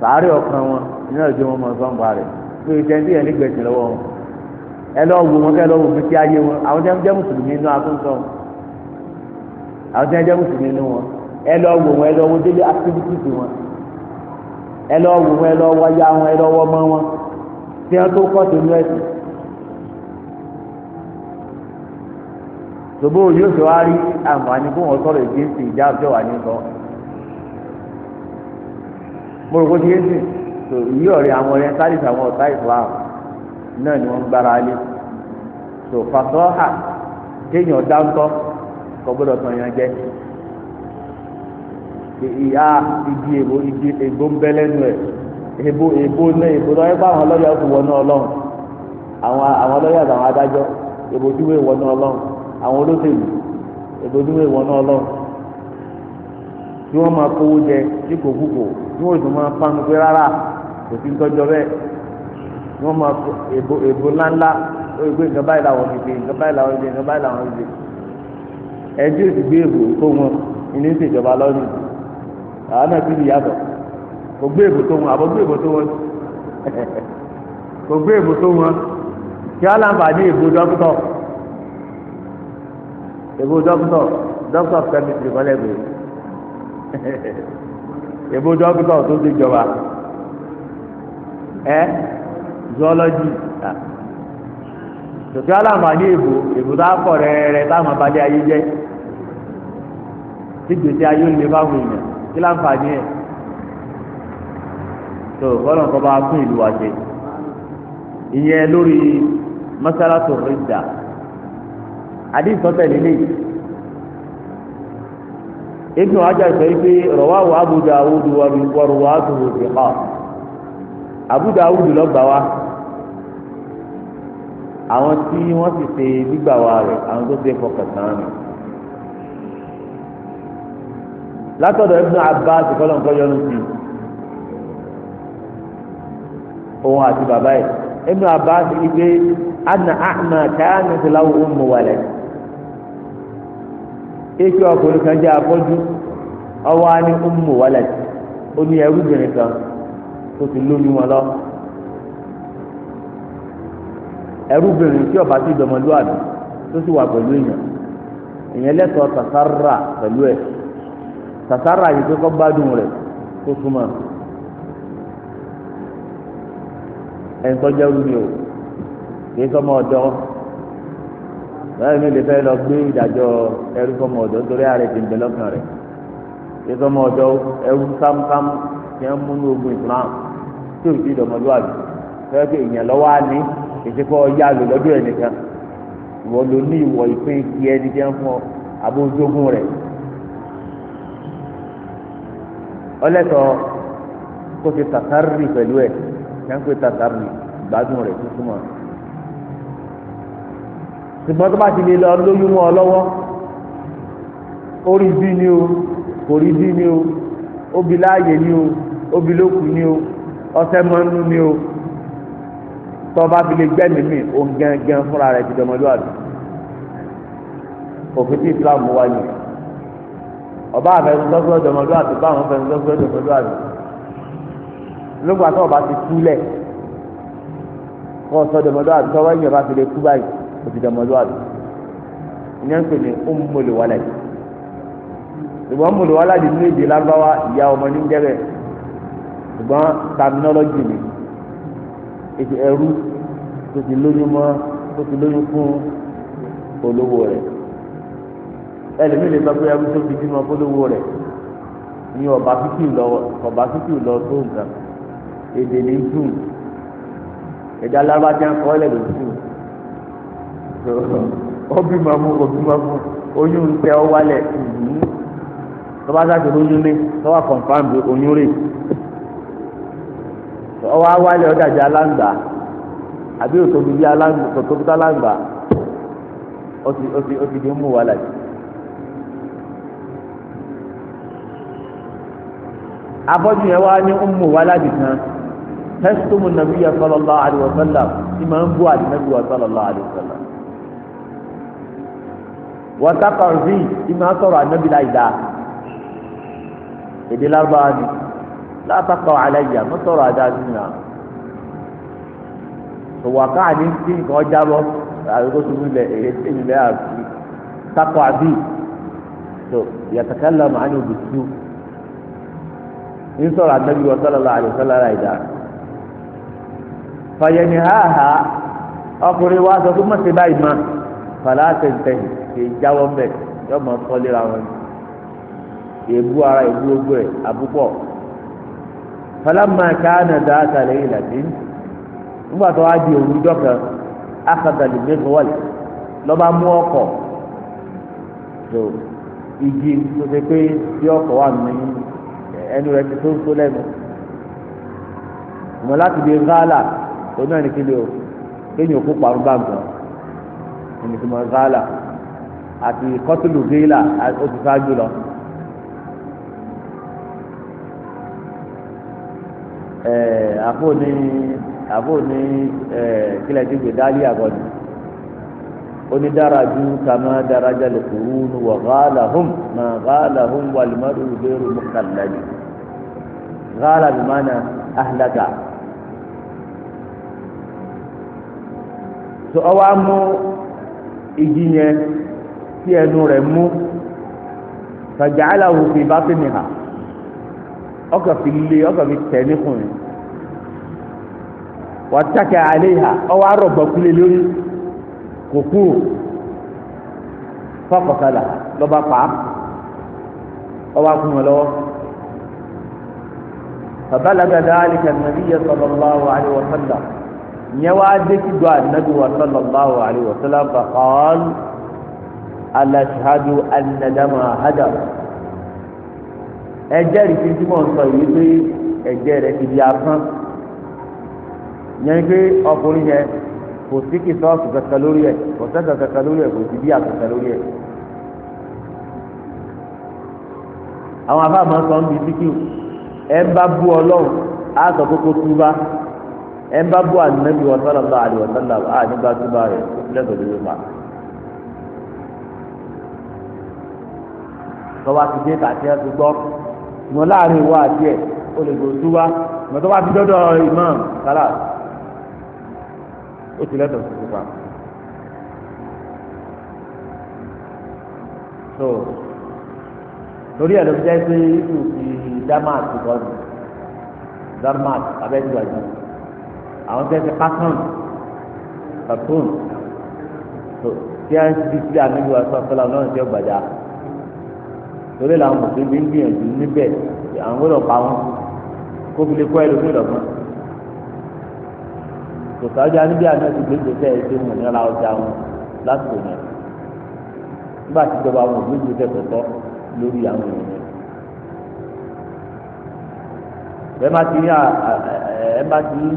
sàárẹ̀ ọkàn wọn iná ìjọ wọn mọ̀ sọ́nba rẹ̀ fún ìtẹ́ bí ẹ̀ nígbẹ̀sìn lọ́wọ́ wọn ẹ lọ́ wo wọn kẹ́ lọ́ wo fi ayé wọn àwọn tẹ́ jẹ́ mùsùlùmí inú àwọn jẹ́ mùsùlùmí inú wọn ya wọn ẹ lọ́ wọ wọn tí wọ́n tó kọ́ tó ní ẹ̀sìn. yóò ṣe wá rí àǹfààní fún mo rò pé kí yéésì tó ìyí ọ̀rẹ́ àwọn ọ̀rẹ́ sáyẹ̀sì àwọn ọ̀tá islam náà ni wọ́n gbára lé tó fasọ́hà kéèyàn dáńtọ́ kò gbọ́dọ̀ tàn yàn jẹ ìyá igi èbó igi ègbó ń bẹ́ lẹ́nu ẹ̀ èbó èbó náà èbó náà ẹgbẹ́ àwọn ọlọ́yà ti wọnú ọlọ́run àwọn àwọn ọlọ́yà àtàwọn adájọ́ èbó tí wọ́n wọnú ọlọ́run àwọn olóṣèlú èbó tí wọ́n ọlọ́run tí wọ́n máa kówó jẹ ní kòkúkò tí wọ́n sì máa panu pé rárá kò sí tọ́jọ́ bẹ́ẹ̀ tí wọ́n máa èbó èbó ńláńlá ó yẹ pé nǹkan báyìí làwọn fi gbé nǹkan báyìí làwọn fi gbé nǹkan báyìí làwọn fi gbé ẹjọ́ sì gbé èbó tó wọn ilé ń ṣèjọba lọ́nù àwọn náà ti di yàtọ̀ kò gbé èbó tó wọn àbọ̀ gbé èbó tó wọn kò gbé èbó tó wọn kí á láǹfà ní èbó dókítọ̀ èbó dókítọ̀ dókítọ̀ kẹ́mísírì kọ́lẹ́gbẹ̀ẹ́. èbó dókítà ọtụtụ jọba ẹ zoology ah. tòkí aláǹfà ní èbó èbó tó akọ rẹrẹ táwọn abalẹ ayé jẹ tí gbèsè ayé ò lè fáwọn èèyàn kí ní ẹ tó Ibn Hajar sọ pé rọwáwò Abu Dawud wọrùwà tó wò sí ọ Abu Dawud lọ gbà wá àwọn tí wọ́n sì ṣe gbígbà wá rẹ̀ àwọn tó ṣe fọkàn tán rẹ̀ látọ̀dọ̀ Ibn Abbas kọ́lọ́nkọ́ yọnu sí òun àti bàbá yìí Ibn Abbas ìgbé anna ahmed kàánì ti láwùú ń mú eke ọkùnrin kan jẹ́ afọ́jú ọwụwa á ní ọmọ wọlé ó ní ẹrúbìnrin kan tó ti wọn lọ ẹrúbìnrin tí ọba ti dọmọlúwàbí tó sì wà pẹ̀lú èèyàn èèyàn lẹ́tọ̀ọ́ sàsárà pẹ̀lú ẹ̀ sàsárà yìí tó kọ́ gbádùn rẹ̀ tó súnmọ́ o kì í báyìí mi lè fẹ́ lọ gbé ìdájọ́ ẹrú fọmọ ọ̀dọ́ torí ààrẹ ti ń bẹ lọ́kàn rẹ̀ ètò ọmọ ọ̀dọ́ ẹrú sámúsámú ti ń mú ní ogun Islam tí ò sí ìdọ̀mọlúwàbí fẹ́ pé èèyàn lọ́wọ́ á ní èsì kọ́ ya lò lọ́dọ̀ ẹ̀ nìkan ìwọ ló ní ìwọ ìpín kí ẹni jẹ́ fún abójógún rẹ̀ ọlẹ́tọ̀ kó ti tàtàrì pẹ̀lú ẹ̀ kí wọ́n pe tàtàrì gbádùn rẹ̀ tuntun mọ́ ọ ṣùgbọ́n tó bá ti lè lọ lóyún mọ́ ọ lọ́wọ́ orí bí ni o kò rí bí ni o obì láàyè ni o obì lókù ni o ọsẹ mọ́nú ni o tọ́ba fi lè gbẹ́mìí mi òun gẹ́gẹ́ fúnra rẹ̀ ti dọmọlúwàbí òfin tí Islam wá ní ọba àfẹnusọ́sọ́ dọmọlúwàbí báwọn fẹnusọ́sọ́ dọmọlúwàbí lóògbà tó ọba ti túlẹ̀ kọ́ ọ̀sọ́ dọmọlúwàbí tọ́wọ́ ẹ̀yìn ọba ti lè kú báyìí kò ti dọmọlúwàbí ìní à ń pè ní ummul walad ṣùgbọ́n ummul walad nínú èdè lárúbáwá ìyá ọmọ ní jẹ́rẹ̀ ṣùgbọ́n terminology ni ètò ẹrú tó ti lóyún mọ́ tó ti lóyún fún olówó rẹ̀ ẹlẹ́mìí lè sọ pé ẹrú tó fi bímọ fólówó rẹ̀ ní ọba fífi lọ ọba fífi lọ tó nǹkan èdè ní dùn ẹ̀dá lábájá kọ́ ẹlẹ́dọ̀ọ́ dùn. (laughs) ọ máa mú ọ máa mú oyún tẹ ọ wálẹ̀ mhm. tọ́ba sáàtì lóyún lé tọ́wà kọ̀ǹfàmù oyún rè ọ awálẹ̀ ọ̀dàjà aláǹgbà àbí òtòbí bí aláǹgbà tòtòbí tá aláǹgbà ọtí ọtí ọtí di mú wàhálà yìí. abọ́jú yẹn wá ní mú wàhálà yìí kan tẹ́sítọ́mù nàbíyà sallallahu alaihi ìmọ̀ ń bú àdìmẹ́bí wa wọ́tàkọ̀rọ̀sì ìmọ̀ sọ̀rọ̀ ànábì láì dáa èdè lárúbáwá ni látàkọ̀ àlàyé mọ̀ sọ̀rọ̀ àdá nínú òwò àkáà ní kí nǹkan ọjà bọ́ àdókò tó wílẹ̀ èyí tí èyí lẹ́yà sí takọ̀ àbí tó yàtàkàlà màá ní òbí tú ń sọ̀rọ̀ ànábì wọ́n sọ̀rọ̀ láàrin sọ̀rọ̀ láì dáa fàyẹ̀nì háàhá ọkùnrin wa sọ fún mọ̀sẹ̀ fàlà àtẹ̀ntẹ̀yìn kì í jáwọ́ mbẹ̀ yọ mọ̀ fọ́lẹ́ra wọn èbú ara èbú ogbó ẹ̀ àbúkọ̀ fàlà máa ká nàdà àtàlẹ́ ìlàdín nígbà tó wá di òwúrọ̀ kan àkàtàlẹ́ mẹ́fọ́wọ́lì lọ́ba mú ọkọ̀ tó igi tó ṣe pé bí ọkọ̀ wà ní ẹnu rẹ ti tó tó lẹ́nu mọ̀ láti di gálà onáà ní kílẹ̀ o kéèyàn kó parun bá nǹkan ìmùtúmọ̀ gàálà àti kọ́tùlù gíìlà ó ti ṣáájú lọ. àbò ní àbò ní kílẹ̀ tí gbèdá lé àgọ́dù onídàrájú kàmá dàrájà lè kúrú nu wà gàálà hum mà gàálà hum wàlúmọ́rù bẹ́ẹ̀rù mọ́kànlélẹ́yìn gàálà bí mánà ahlaka. so ọwọ́ amú igi yẹn tí ẹnu rẹ̀ mú tọ̀jà aláwo fi bá fi nìhà ọkọ̀ fi lé ọkọ̀ fi tẹ̀ níkùnrin wàtàkà àléhà ọwọ́ arọ̀gbọ̀ kulè lórí kò kúrò fọkọ̀kadà lọ́ba pa ọwọ́ akún wọn lọ́wọ́. فبلغ ذلك النبي صلى الله عليه وسلم ìyẹn wá dé kí do anabi wa sallallahu alayhi wa sallam faqal alashahadu anadama hada ẹ̀jẹ̀ rẹ̀ fi túmọ̀ sọ yìí pé ẹ̀jẹ̀ rẹ̀ ti di apán yẹn pé ọkùnrin yẹn kò sí kí sọ́ọ̀sì kankan lórí ẹ̀ kò sẹ́kàn kankan lórí ẹ̀ kò sí bí àkankan lórí ẹ̀. àwọn afáàmọ́ sọ ń bi síkìú ẹ̀ bá bú ọlọ́run á sọ kókó túbá ẹ bá bọ́ ànábì wa sallallahu alaihi wa sallam a nígbà tó bá rẹ̀ ó tilẹ̀ pẹ̀lú yóò máa. tọ́wá ti dé tàbí ẹ ti gbọ́ mọ láàrin ìwọ àti ẹ o lè gbòó tú wá mọ tọ́wá ti dọ́dọ̀ imam kálá ó tilẹ̀ tọ̀ sí fífa. so torí ẹ̀ ló fi jẹ́ pé ìlú fi dámàtì kọ́ ni dámàtì abẹ́jú àjùmọ̀ àwọn tẹ́ ti pátán pàtón tí a ń ti ti àmì wa sọ́kọ́lá ọlọ́run tí ó gbàdá torí làwọn mùsùlùmí ń gbìyànjú níbẹ̀ àwọn gbọ́dọ̀ pa wọn kó fi lè kọ́ ẹlòmíì lọ́gbọ́n kò sáájú níbi àná ti gbégbé tẹ́ ẹ ṣe mọ̀ níra ọjà wọn lásìkò yẹn nígbà tí ìjọba wọn ò gbégbé tẹ́ tọ́tọ́ lórí àwọn èèyàn yẹn. má ti ní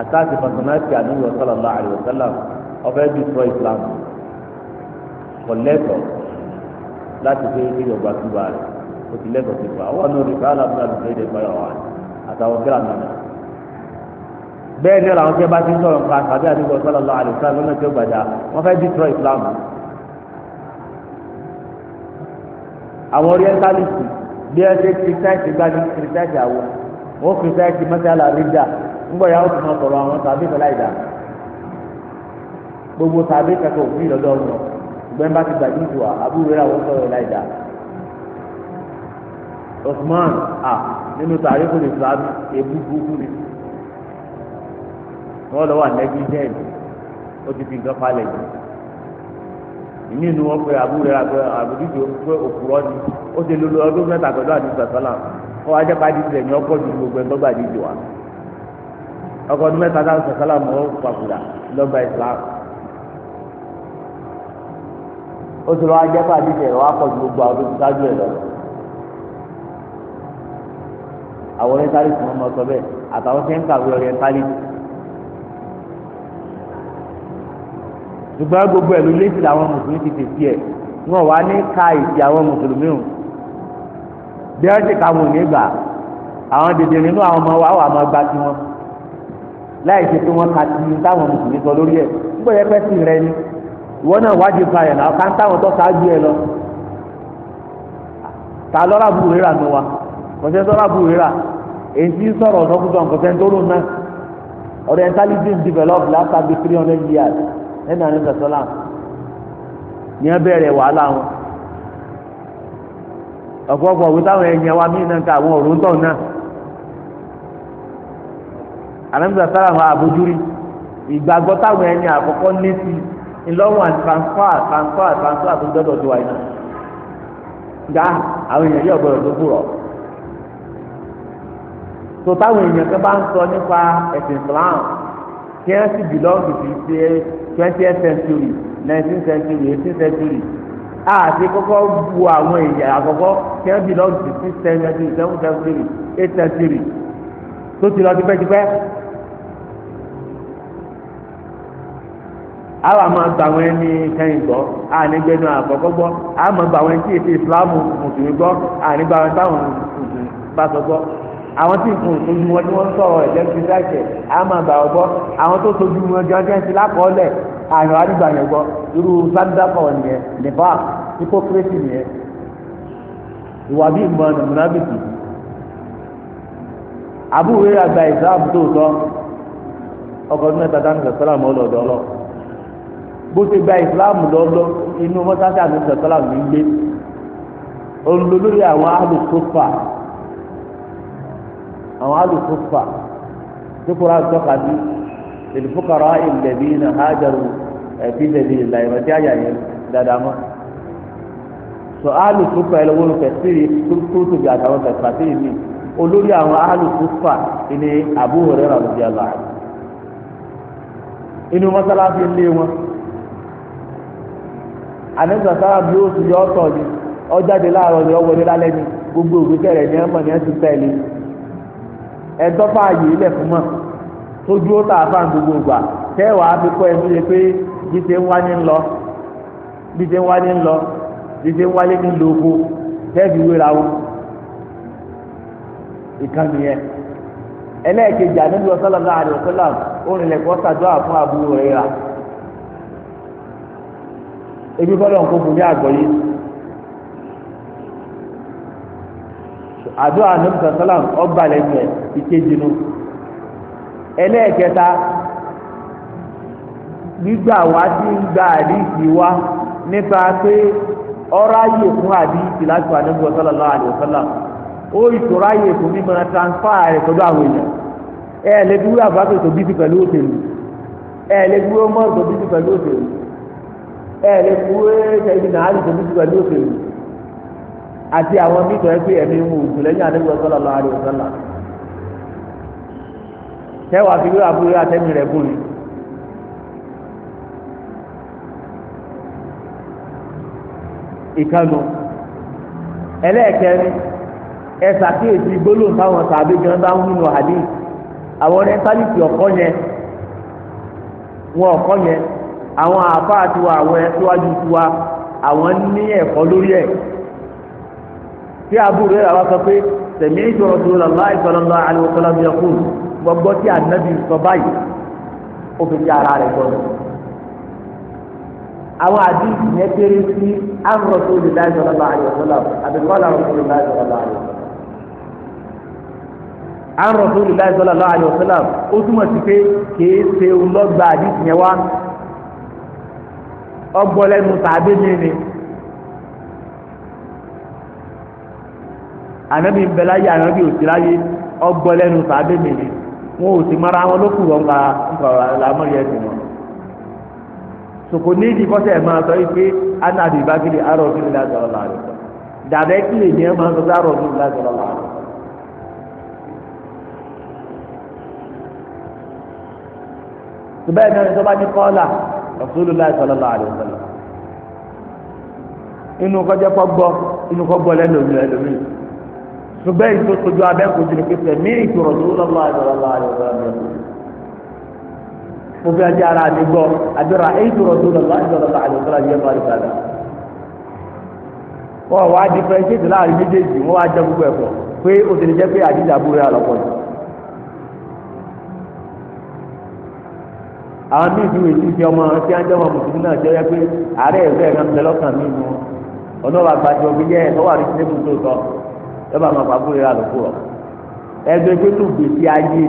àtàkì fàtànàkì àdúgbò sallallahu alaihi wasallam ọbẹ̀ bí sọ islam kò lẹ́tọ̀ láti fi ní yorùbá túbà rẹ̀ o ti lẹ́tọ̀ ti fà wọ́n ní olùkọ́ alábùdá ló fẹ́ dé báyọ̀ wá àtàwọn kíra nàná. bẹ́ẹ̀ ni làwọn kẹ́ bá ti sọ̀rọ̀ nǹkan àtàbí àdúgbò sallallahu alaihi lọ́nà tó gbàdá wọ́n fẹ́ bí sọ islam. àwọn orientalist bí ẹ ṣe kìrìtẹ́ẹ̀tì gbani kìrìtẹ́ẹ̀tì àwọn wọ́n kìrìtẹ́ẹ̀tì mọ́tàlá rídà ńgbọ́ yà ó tún máa sọ̀rọ̀ àwọn tàbí ìfẹ́ láìda gbogbo tàbí kẹkẹ òfin lọ́dọ̀ ọ̀run ìgbẹ́ bá ti gbàdí ìdùà àbúrò rẹ̀ àwọn sọ̀rọ̀ láìda Usman a nínú tàbí kò lè fà mí ebú burúkú rẹ̀ wọ́n lọ wà negligent ó ti fi nǹkan falẹ̀ jù ìní inú wọn pé àbúrò rẹ̀ àbúrò pé òkúrọ́ ni ó ti lolo ọdún mẹ́ta pẹ̀lú àdìsọ̀ sọ́là kọ́ ajẹ́pàdé tilẹ̀ ní ọkọ̀ ju gbogbo ẹ̀ tó gbàdí ọkọ ọdún mẹ́ta náà sọ̀kálà mọ́ pàkúdà lọ́gbà islam ó ti lọ́wọ́ ajẹ́ pàdé ìṣẹ̀lẹ̀ wá pọ̀ ju gbogbo àwọn tó ti sáájú ẹ̀ lọ. àwọn orientalist wọn mọ sọ bẹ́ẹ̀ àtàwọn tí ń kàwé orientalist. ṣùgbọ́n gbogbo ẹ̀ ló létí làwọn mùsùlùmí ti tètè ẹ̀ wọn wá ní ká ìsì àwọn mùsùlùmí hù bí wọ́n ti kà wọ́n àwọn dèdè nínú àwọn ọmọ wa wà máa gbá sí wọn. láì ṣe pé ka ti táwọn mùsùlùmí sọ lórí ẹ̀ nígbà yẹn pẹ́ sí rẹ ni ìwọ náà wájú fa ẹ̀ náà ká ń táwọn tó ẹ lọ ta nù wa kọ̀ṣẹ́ èyí ń sọ̀rọ̀ ọ̀sọ́kùsọ̀ kọ̀ṣẹ́ náà orientalism developed after the three hundred years ẹ̀nà ní sọ̀sọ́là ní ẹ bẹ̀rẹ̀ wàhálà wọn anamisa sálàmù àbójúrí ìgbàgbọ́ táwọn ẹni àkọ́kọ́ ní sí ìlọ́wọ́ àti transfer transfer transfer tó gbọ́dọ̀ tó wáyé gba àwọn èèyàn yóò gbọ́dọ̀ tó kúrọ̀ tó táwọn èèyàn kan bá ń sọ nípa ẹ̀sìn Islam kí wọ́n sì bìlọ́ọ̀gì sí ṣe twentieth century nineteenth century eighteenth century àti kọ́kọ́ bu àwọn èèyàn àkọ́kọ́ kí wọ́n bìlọ́ọ̀gì sí sixth century seventh century eighth century tó ti lọ tipẹ́tipẹ́. àwọn àmọ́ gba àwọn ẹni kẹyìn gbọ́ ànígbẹ́nu àkọ́kọ́ gbọ́ àmọ́ gba àwọn ẹni tí èsì ìsìlámù mùsùlùmí gbọ́ ànígbà àwọn táwọn mùsùlùmí bá sọ gbọ́ àwọn tí nǹkan tó ju wọn ni wọ́n ń sọ̀rọ̀ ẹ̀jẹ̀ ti dáìkẹ̀ àmọ́ gba ọgbọ́ àwọn tó sojú wọn jẹ́ ti lákọọ́lẹ̀ àyàn àdìgbà yẹn gbọ́ irú sádàkọ̀ nìyẹn nìfà hypocrisy nìyẹn ìwà bíi ìmọ̀ nàmúnábìtì àbúrò àgbà ìsáàbù tó sọ ọkọ̀ ọdún mẹ́ta dánù bó ṣe gba ìsìláàmù lọ́lọ́ inú mọ́sáṣá àti sọ̀tọ́là mi gbé olùdólórí àwọn alùpùpà àwọn alùpùpà tí kúrò àtọ́ka sí ìlúfúkàrọ̀ ìlẹ̀bí iná hajaru ẹ̀fí ìlẹ̀bí ìlà ìrántí àyà yẹn dáadáa mọ́ sọ alùpùpà ẹlẹ́wọ́ fẹ̀sírì kúrúkúrú tóbi àtàwọn fẹ̀sírì mi olórí àwọn alùpùpà ní Abu Hurairah radiyallahu anhu inú mọ́sálásí ilé wọn. ànágbà sára bí ó ti yọ ọ̀tọ̀ ni ọjáde láàárọ̀ ni ọwọlé lálẹ́ ni gbogbo ògbésẹ̀ rẹ̀ ni ni ẹ ti tẹ̀lé ẹtọfà yìí lẹ fún tà gbogbo fi ẹnu yẹ pé bí ṣe ń lọ bí ṣe ń wá ní lọ bí ṣe ń ní wéra ẹlẹ́ẹ̀kejì ebi bọ́lọ̀ ń kó fún ní àgbọ̀yé àdúrà nípa sọ́làm ọgbà lẹ́gbẹ̀ẹ́ ìkejì nu ẹlẹ́ẹ̀kẹta gbígbà wá tí ń gba àdìsí wá nípa pé ọ̀rọ̀ ayé fún àdìsí láti wà nípa sallallahu alaihi wasallam ó ìṣòro ayé fún mímọ transfer rẹ̀ pẹ̀lú àwọn èèyàn ẹ̀ lẹ́dúró àbátò tó bí ti pẹ̀lú òṣèlú ẹ̀ lẹ́dúró mọ́tò tó bí ti pẹ̀lú ẹ lè kú ẹ ibi náà àlùjọ bí tiwa ní òkèlè àti àwọn mítọ̀ ẹ pé ẹ̀mí wò ó lẹ́yìn àdébù ọ̀sọ́lá lọ́wọ́ àdébù ọ̀sọ́lá tẹ́wà fi wíwá fún wíwá tẹ́mi rẹ̀ bùrì. ìkànnù ẹlẹ́ẹ̀kẹrin ẹ ṣàkíyèsí gbólóhùn táwọn tàbí gan bá ń wí lọ àdéhùn àwọn àáfàá tiwa àwọn ẹ̀síwájú tiwa àwọn ní ẹ̀kọ́ lórí ẹ̀ tí àbúrò rẹ̀ wá sọ pé tẹ̀mí ìjọba tó lọ láì sọ lọ́lá àlùkọ́lá bí ọkùn gbọ́gbọ́ tí ànábì sọ báyìí ó fi jẹ́ ara rẹ̀ gbọ́dọ̀ àwọn àdìsí yẹn kéré sí àmúrò tó lè láì sọ lọ́lá àlùkọ́lá àbẹ̀kọ́lá tó lè láì sọ lọ́lá tó lè láì sọ lọ́lá àlùkọ́lá ó túmọ̀ sí pé kèé ṣe ń ọgbọ́ lẹ́nu tàbí mímí. ànábì A bẹ láyé ànábì tàbí wọn ò sì mara wọn ló kù wọn gba nǹkan làmọ́rí wọn. sòkò ní ìdíkọ́sẹ̀ máa sọ pé anábì dị kiri arọ̀ kiri láàrin ní ẹ máa sọ láàrin. náà ní kọ́ọ́là rasulillah sallallahu alayhi wa sallam inú kọjá kọ gbọ́ inú kọ gbọ́ lẹnu lẹnu ṣùgbọ́n èyí tó sojú abẹ́ kojú ni pé sẹ́mi ìtò rasulillah sallallahu alayhi wa sallam mo fi ajá ara mi gbọ́ àdúrà èyí tó rasulillah sallallahu alayhi wa sallam yẹ kọ́ àdúrà rẹ̀ wọ́n wá di fẹ́ ṣé ìdílé àwọn méjèèjì wọ́n wá jẹ́ gbogbo ẹ̀kọ́ pé òṣèlú jẹ́ pé àdìjà búrẹ́ àlọ́pọ̀ yìí. àwọn míì ti wò sí ti ọmọ tí a ń jọmọ mùsùlùmí náà jẹ́ pé àárẹ̀ ẹ̀rọ ẹ̀rọ ń bẹ lọ́kàn mí ba ọlọ́wà gbàjọ bí yẹ ẹ̀rọ wà ní sinébù tó sọ lọ́ba àwọn àpapọ̀ rẹ̀ àlùkò rọ̀ ẹgbẹ́ pé tó gbèsè ayé ti ni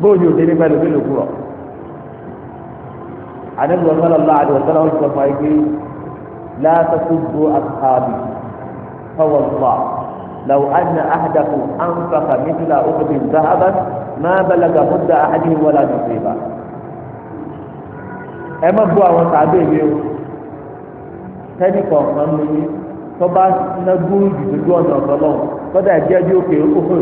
bóyá òde nípa ẹ̀rọ mélòó kúrọ̀ àdébùrọ̀ sọ́lá لو أن أحدكم أنفق مثل أحد ذهبا ما بلغ مد أحدهم ولا نصيبا ẹ má bú àwọn tàbí èmi o tẹnìkan kan ló ní tó bá ná gúrú jù lójú ọ̀nà ọ̀tọ̀lọ́ kọ́dà ẹ̀jẹ̀ bí òkè òkè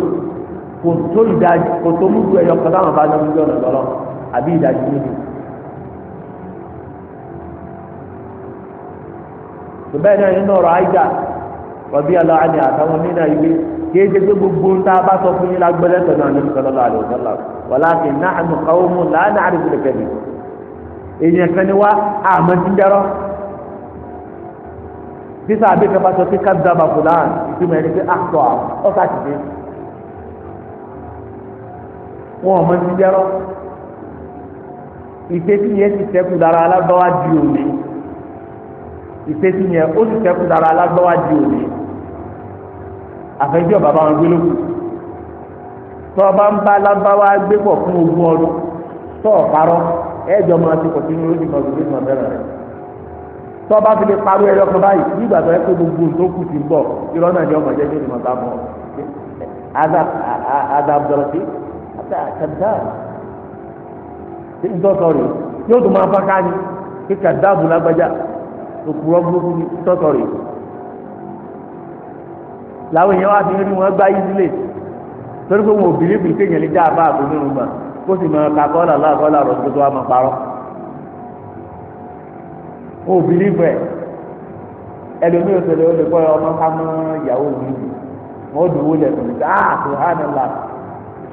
kò tó ìdajì kò tó mú ju ẹ̀yọ kan táwọn bá ná lójú ọ̀nà ọ̀tọ̀lọ́ àbí ìdajì níbi. bẹ́ẹ̀ náà nínú ọ̀rọ̀ àìjà rọ̀bí aláàánì àtàwọn mìíràn ìwé kìí ṣe pé gbogbo ń tá a bá sọ fún yín lágbẹ́lẹ́ tọ̀nà àdébí sọlọ́lá àlè ọ̀sọ́lá wàláàkì náà nù káwọ́ mú láàánà àdébí lẹ́kẹ̀lẹ́ èèyàn kan ni wá àmọ́ ti dẹ́rọ́ sísá àbí kẹfà sọ pé kábíyàmà fúlàn ìtumọ̀ ẹni pé àtọ̀ ah, ọ̀sà ti dé wọn ò ti dẹ́rọ́ ìfésì yẹn ti sẹ́kù lára alágbáwá di òní ìfésì yẹn ó ti sẹ́kù lára alágbáwá di òní àfẹjọ bàbá wọn gbé lókù tọ ọba ń bá lábáwá gbé pọ̀ fún ogún ọdún tọ ọparọ ẹjọ máa ti pọ̀ sínú lójú kan lójú kan bẹ̀rẹ̀ rẹ tọ ọba fi lè parọ́ ẹyọ kan báyìí nígbà tó yẹ kó gbogbo tó kù ti ń bọ̀ irọ́ náà ni ọmọ jẹjẹ ni mo bá mọ ada abdulrasheed ata kadda ntọtọri yóò tó máa fa ká ní kí kadda bùnà gbajà òkúrọ burúkú làwọn èèyàn wá fi rí wọn gbá ìdílé torí pé wọn ò bìrì bìrì kéèyàn lè dá àbá àbò nínú gbà kó sì máa ka kọ́là láàkọ́là rọ̀ tó tó wà máa parọ́ wọn ò bìrì bẹ̀ ẹlòmíì òṣèlè ó lè kọ́ ọmọ ká mọ́ ìyàwó mi wọn ò dùn wọlé ẹ̀sìn nígbà áà tó hàn ní là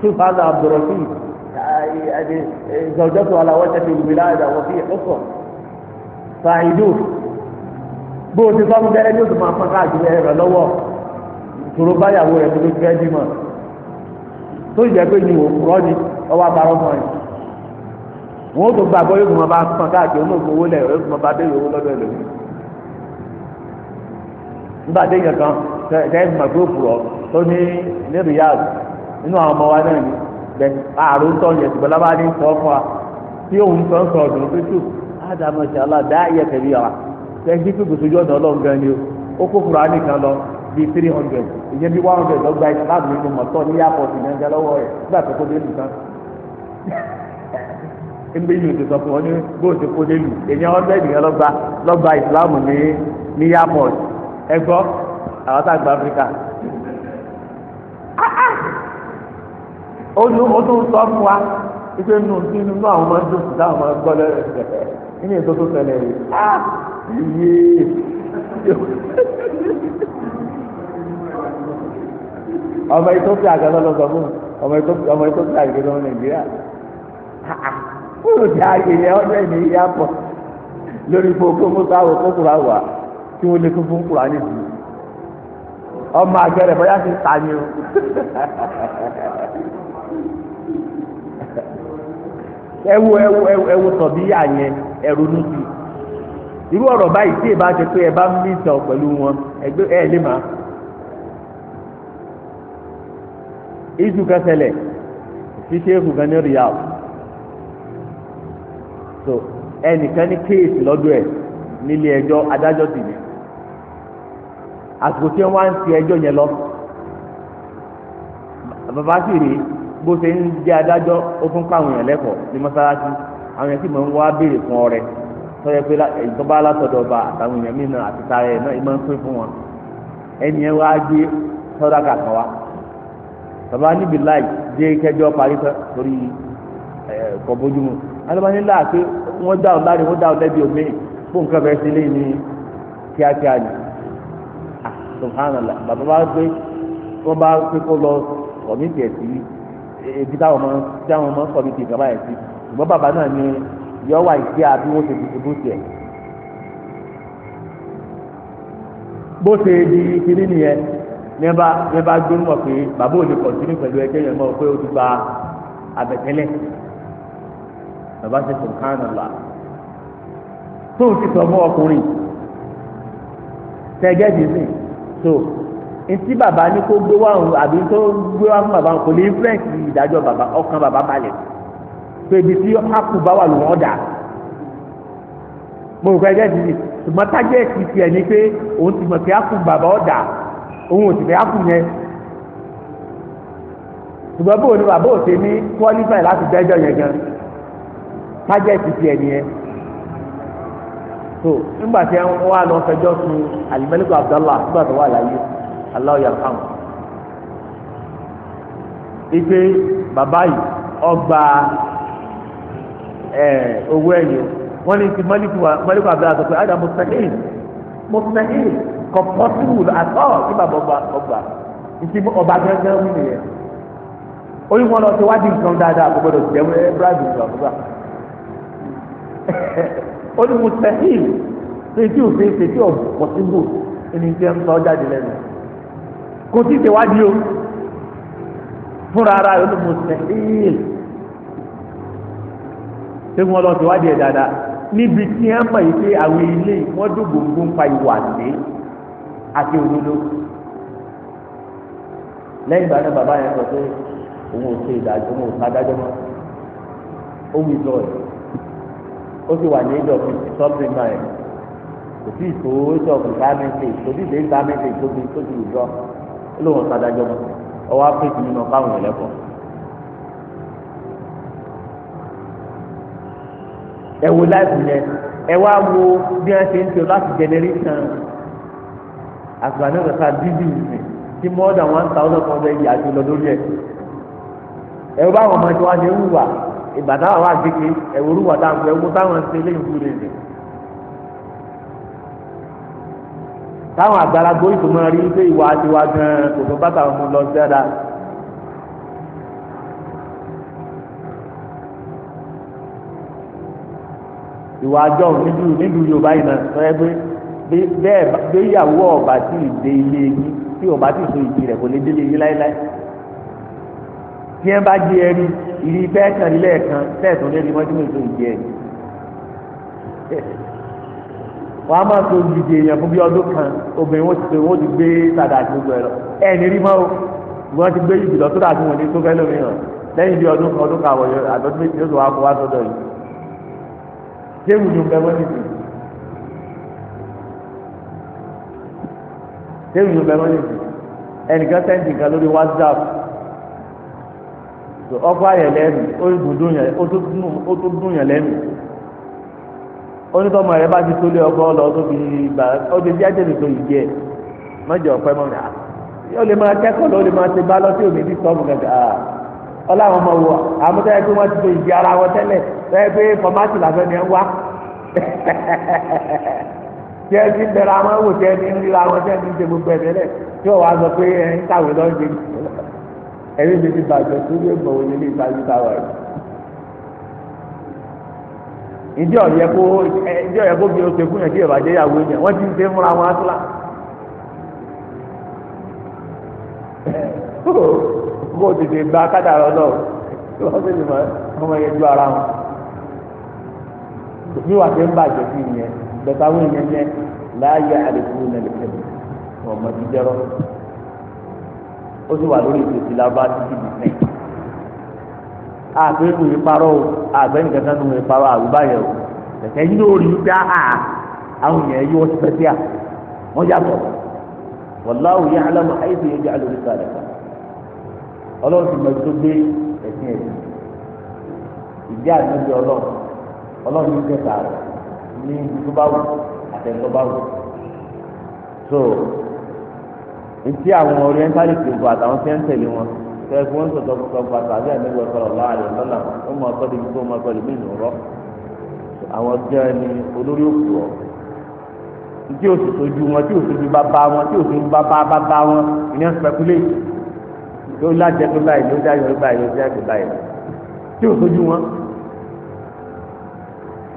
tó fàdà àbùrọ̀fì zọjọ́tò aláwọ̀tẹ́ fi wùmí láàdà wọ́n fi ẹ̀kọ́ fàáyidó bó o toro báyàwó rẹ̀ tó fẹ́ bímọ tó ìjẹ́ pé ni òkúrọ́ ni ọwọ́ àbárọ̀ mọ́ ẹ̀ wọn tó gbàgbọ́ yóò fún bá pọn káàkiri wọn ò lẹ̀ yóò fún bá kan òkúrọ́ tó ní nílùú nínú àwọn ọmọ wa náà ni bẹ́ẹ̀ ààrùn tọ́ yẹn lábá ní sọ fún wa tí òun sọ ń sọ ọ̀dùn tù ṣàlá dá bí wa di three hundred ìyẹn bí one hundred lọ́gbà islam nínú mọ̀tọ́ ní airport ìgbẹ́ngẹ́ lọ́wọ́ rẹ̀ nígbà tó kó délù tán ẹgbẹ́ yìí ti sọ fún ọ ní bó ti kó délù èyàn hundred yẹn lọ́gbà lọ́gbà islam ní ní airport ẹ gbọ́ àwọn tá a gba Africa ó tún sọ fún wa ipe nù sí nínú àwọn ọmọ ẹjọ́ sí táwọn ọmọ gbọ́ lẹ́rẹ̀ ètò tó ṣẹlẹ̀ rẹ̀ ọmọ ethiopia àgbẹ̀lọ́ lọ sọ fún ọmọ ethiopia àgbẹ̀lọ́ nàìjíríà fúlùdí àgbẹ̀yẹ ọ̀dọ̀ ẹ̀mí yá pọ̀ lórí gbogbo mọ́tò àwọn kókòrò àwà tí wọ́n lè kó fún kúrò àní ìlú ọmọ àgbẹ̀rẹ̀ bóyá ti ta ni o (laughs) ẹwu ẹwu ẹwu yà nùtù irú báyìí tí ì bá ti pé ẹ bá ń bí ìtàn wọn lè izu kẹsẹlẹ̀ sí ṣéèfù gan ní riyal so ẹnìkan ní kéèsì lọ́dọ̀ ẹ̀ nílé ẹjọ́ adájọ́ sì ni àsìkò tí wọ́n á ń ti ẹjọ́ yẹn lọ bàbá sì rèé bó ṣe ń jẹ́ adájọ́ ó tún kọ́ èèyàn lẹ́kọ̀ọ́ ní mọ́sálásí àwọn èèyàn sì ọba àtàwọn èèyàn mìíràn àti tààrẹ náà ìmọ̀ ń pín fún wọn wá gbé bàbá níbi láì dé kẹjọ parí tán torí ẹ̀kọ́ bójúmu alọ́ba nílá àti wọ́n dáhùn láre wọ́n dáhùn lẹ́bi omi fún nǹkan fẹ́ sílé ní kíákíá ni subhanallah bàbá bá gbé wọ́n bá pé kó lọ kọ̀mítì ẹ̀ sí ebi táwọn ọmọ táwọn ọmọ kọ̀mítì ìjọba ẹ̀ sí ṣùgbọ́n bàbá náà ni yọ wà ìṣe àbí wọ́n ṣe dùdú tiẹ̀. bó ṣe di kiri nìyẹn ní bá ní bá gbé mọ̀ pé bàbá ò lè kọ̀tínú pẹ̀lú ẹgbẹ́ yẹn mọ̀ pé ó ti gba àbẹ̀tẹ́lẹ̀ bàbá ṣe sùn kánà tó o ti sọ fún ọkùnrin tẹ́gẹ́ dì sí so ntí bàbá ní kó gbé wá òun àbí tó gbé wá fún bàbá kò lè fúrẹ́ǹsì ìdájọ́ bàbá ọkàn bàbá balẹ̀ pé ibi tí hákù bá wà ló wọ́n dà mo rò pé ẹgbẹ́ dì ṣùgbọ́n tájẹ́ ti tiẹ̀ ni pé òun ti mọ̀ pé hákù bàbá ọ̀dà. òun ò sì fẹ́ ápù yẹn ṣùgbọ́n bó o ní ní qualify láti gbẹ́jọ́ yẹn gan tájẹ́ẹ̀tì so nígbà tí wọ́n wá lọ fẹjọ́ sun alimẹ́líkù Abdallah nígbà tó wà láyé Allahu yarhamu ipe bàbá yìí ọgbà owó wọ́n ní ti Abdallah pé kò possible at all kí bàbá ọba ọba ntí ọba gẹ́gẹ́ wí nìyẹn oyin lọ sí nǹkan dáadáa kò gbọdọ̀ jẹun ẹ bíráàdì nǹkan ọba (laughs) ó ní mo tẹ̀hìn ṣètí ẹni kò tí o fúnra ara rẹ ó ní lọ sí ẹ dáadáa níbi tí ẹ ń àti òdodo lẹ́yìn ìgbà náà bàbá yẹn sọ pé òun ò ṣe ìdájọ́ òun ò ká dájọ́ mọ́ ó wí lọ ẹ̀ ó sì wà ní ẹjọ́ fi sọ́ọ̀bì náà ẹ̀ kò sí ìtò ẹjọ́ fi sáméjì kò sí ìdè sáméjì tó fi tó fi ìjọ ó lóun ò ká dájọ́ mọ́ ọwọ́ apèjì nínú káwọn ẹ̀lẹ́kọ̀ọ́. ẹ wo láìpù yẹn ẹ wá wo bí wọn ṣe ń ṣe láti generation àgbàdo rẹ̀ ká dídì ìsìn tí more than one thousand kan bẹ yà jù lọ lórí ẹ̀ ẹ̀rọ báwọn ọmọ ẹ̀jọ̀ wá ṣe ń wùwà ìgbà táwọn wà gbéke ẹ̀rọ orúwà táwọn ẹ̀wọ́ táwọn ṣe lé ìlú rẹ̀ nì. táwọn àgbàlagbó ìtumọ̀ rí pé ìwà àtiwá gan-an kò tó bàtà ọmọ lọ sẹ́dá. ìwà àjọ nílùú nílùú Yorùbá yìí náà sọ ẹgbẹ́ bẹ́ẹ̀ gbéyàwó ọ̀bà tí ì dé ilé yín tí ọ̀bà tí ì so ìdí rẹ̀ kò lè délé yín láéláé tí ẹ bá di ẹrí ìrí bẹ́ẹ̀ kan ilé ẹ̀kan tẹ̀sán lé ní tí mo so ìdí ẹ̀rí wọ́n máa so ìdí èèyàn fún bí ọdún kan obìnrin wọn ti pé wọ́n ti gbé sàdá àti gbogbo ẹ̀ lọ ẹ̀ ní rí mọ́ o wọ́n ti gbé ìdí lọ sódà tí wọ́n ní tó fẹ́ lómìnira lẹ́yìn bí ọdún kan ọdún kan àwọ̀ àtọ́tún méjì tẹ́lẹ̀ yóò bẹ̀rẹ̀ lè dùn ẹnìkan sẹ́ńtì kan lórí whatsapp ọkọ̀ ayẹ̀ lẹ́nu ó tún dùn yàn lẹ́nu onítọ́mọ rẹ bá ti tó lé ọgbọ́n lọ tó fi gbà ó ti díẹ̀ tẹ̀lé tó yìí díẹ̀ mọ́jọ ọ̀pẹ́ mọ́ mi à ó lè máa kẹ́kọ̀ọ́ lọ ó lè máa ṣe bá lọ sí òmìnirí sọ́ọ̀mù gàgà ọláwọn ọmọ wo àmútẹ́yẹ pé wọ́n ti tó ìdí ara wọn tẹ́lẹ̀ tẹ́lẹ̀ pé fọmáàtì ni ẹ wá (laughs) tí ẹ ti ń bẹ̀rẹ̀ àwọn ẹ̀wò tí ẹ ti ń ríra àwọn tí ti ń ṣe gbogbo ẹ̀dẹ́ tí ọ̀ wá sọ pé ẹ̀ ń kàwé lọ́ọ̀dì ẹ̀rí mi ti bàjẹ́ tó lè mọ̀ ìdí kó ìdí kó o ti ń wọn kó o tètè bẹ́ẹ̀ táwọn èèyàn yẹn láàyè àdìkú ọmọ ti ó sì wà lórí ìpèsè lábá títí dìsẹ́ àgbẹ̀ ìlú ìparọ́ o àgbẹ̀ nìkan kan nínú ìparọ́ àrùbá yẹn o kẹ̀kẹ́ yìí ló rí àwọn yóò wọ́n yàtọ̀ wàláwù yẹn alámọ̀ yẹn jẹ́ kan ọlọ́run ti mọ gbé ẹ̀sìn ẹ̀sìn ìdí àdúgbò ọlọ́run ọlọ́run yóò jẹ́ ní ibi tó bá wù àtẹ̀tọ́ bá wù. so etí àwọn orientalist ń bọ̀ àtàwọn tí ń tẹ̀lé wọn tẹ̀ fún wọn sọ̀tọ̀ fún ọgbà tàbí àdégbò ọ̀sọ̀rọ̀ láàrin lọ́nà ó mọ ọkọ níbi tó mọ ọkọ níbi ìlú rọ àwọn jẹ́ ẹni olórí òkú ọ̀ tí o sì sojú wọn tí o sì ju bàbá wọn tí o sì ju bàbá bàbá wọn ìyẹn speculate ló lájẹ tó báyìí ló dáyọ̀ báyìí ló dáyọ̀ báyìí tí o sojú wọn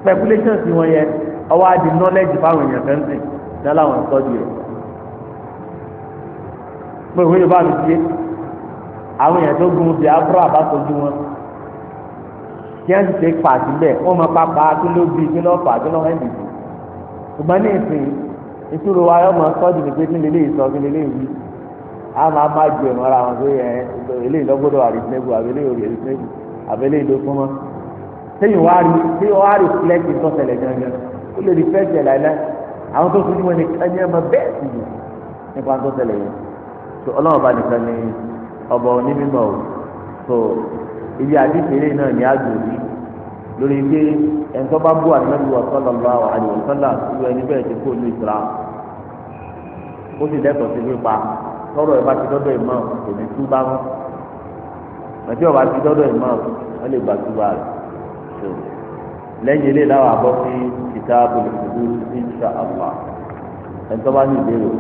speculations wọn yẹn ọwọ́ adi knowledge fáwọn èèyàn kan sìn ní aláwọn ìtọ́jú rẹ̀ pé òwe yorùbá mi tiẹ̀ àwọn èèyàn tó gun biafra bá tọ́jú wọn kí wọ́n ti ṣe pa síbẹ̀ wọ́n máa pa pa kí ló bí kí ló fà kí ló hẹ́ nìyí ṣùgbọ́n ní ìsìn ìṣòro wa yọ máa tọ́jú ní pé kí lè lè sọ kí lè lè wí a máa má ju ẹ̀mọ́ra wọn pé ẹ̀ eléyìí lọ́gbọ́dọ̀ àrísínẹ́gù àbẹ́lẹ́ òrì àrísínẹ́gù àbẹ́lẹ́ ìlú fún wọn sẹ́yìn wá rí sẹ́yìn wá rí fúlẹ́ẹ̀kì tó tẹ̀lé gángan ó lè rí fẹ́ẹ̀kì ẹ̀ láìláì àwọn tó fojú wọn nìkan ní ẹ̀ma bẹ́ẹ̀ sì yìí nípa tó tẹ̀lé yẹn tó ọlọ́run bá nìkan ní ọba onímọ̀ o tó ibi àdìsẹ́lẹ̀ náà ní àgbò yìí lórí pé ẹ̀ńtọ́ bá bú ànábì wa sọ́lá bá wà àdìwọ̀ sọ́lá irú ẹni bẹ́ẹ̀ ti kó ní ìsra ó sì dẹ́kọ̀ sí pípa tọ́rọ̀ ẹ̀ bá ti dọ́dọ̀ ìmọ̀ kò ní túbá wọn àti ọ̀bá ti dọ́dọ̀ ìmọ̀ wọn lè gbà túbá lẹ́yìn ilé láwọn abọ́ sí kìtàbù lùdú insha Allah ẹ̀ńtọ́ bá ní ìbéèrè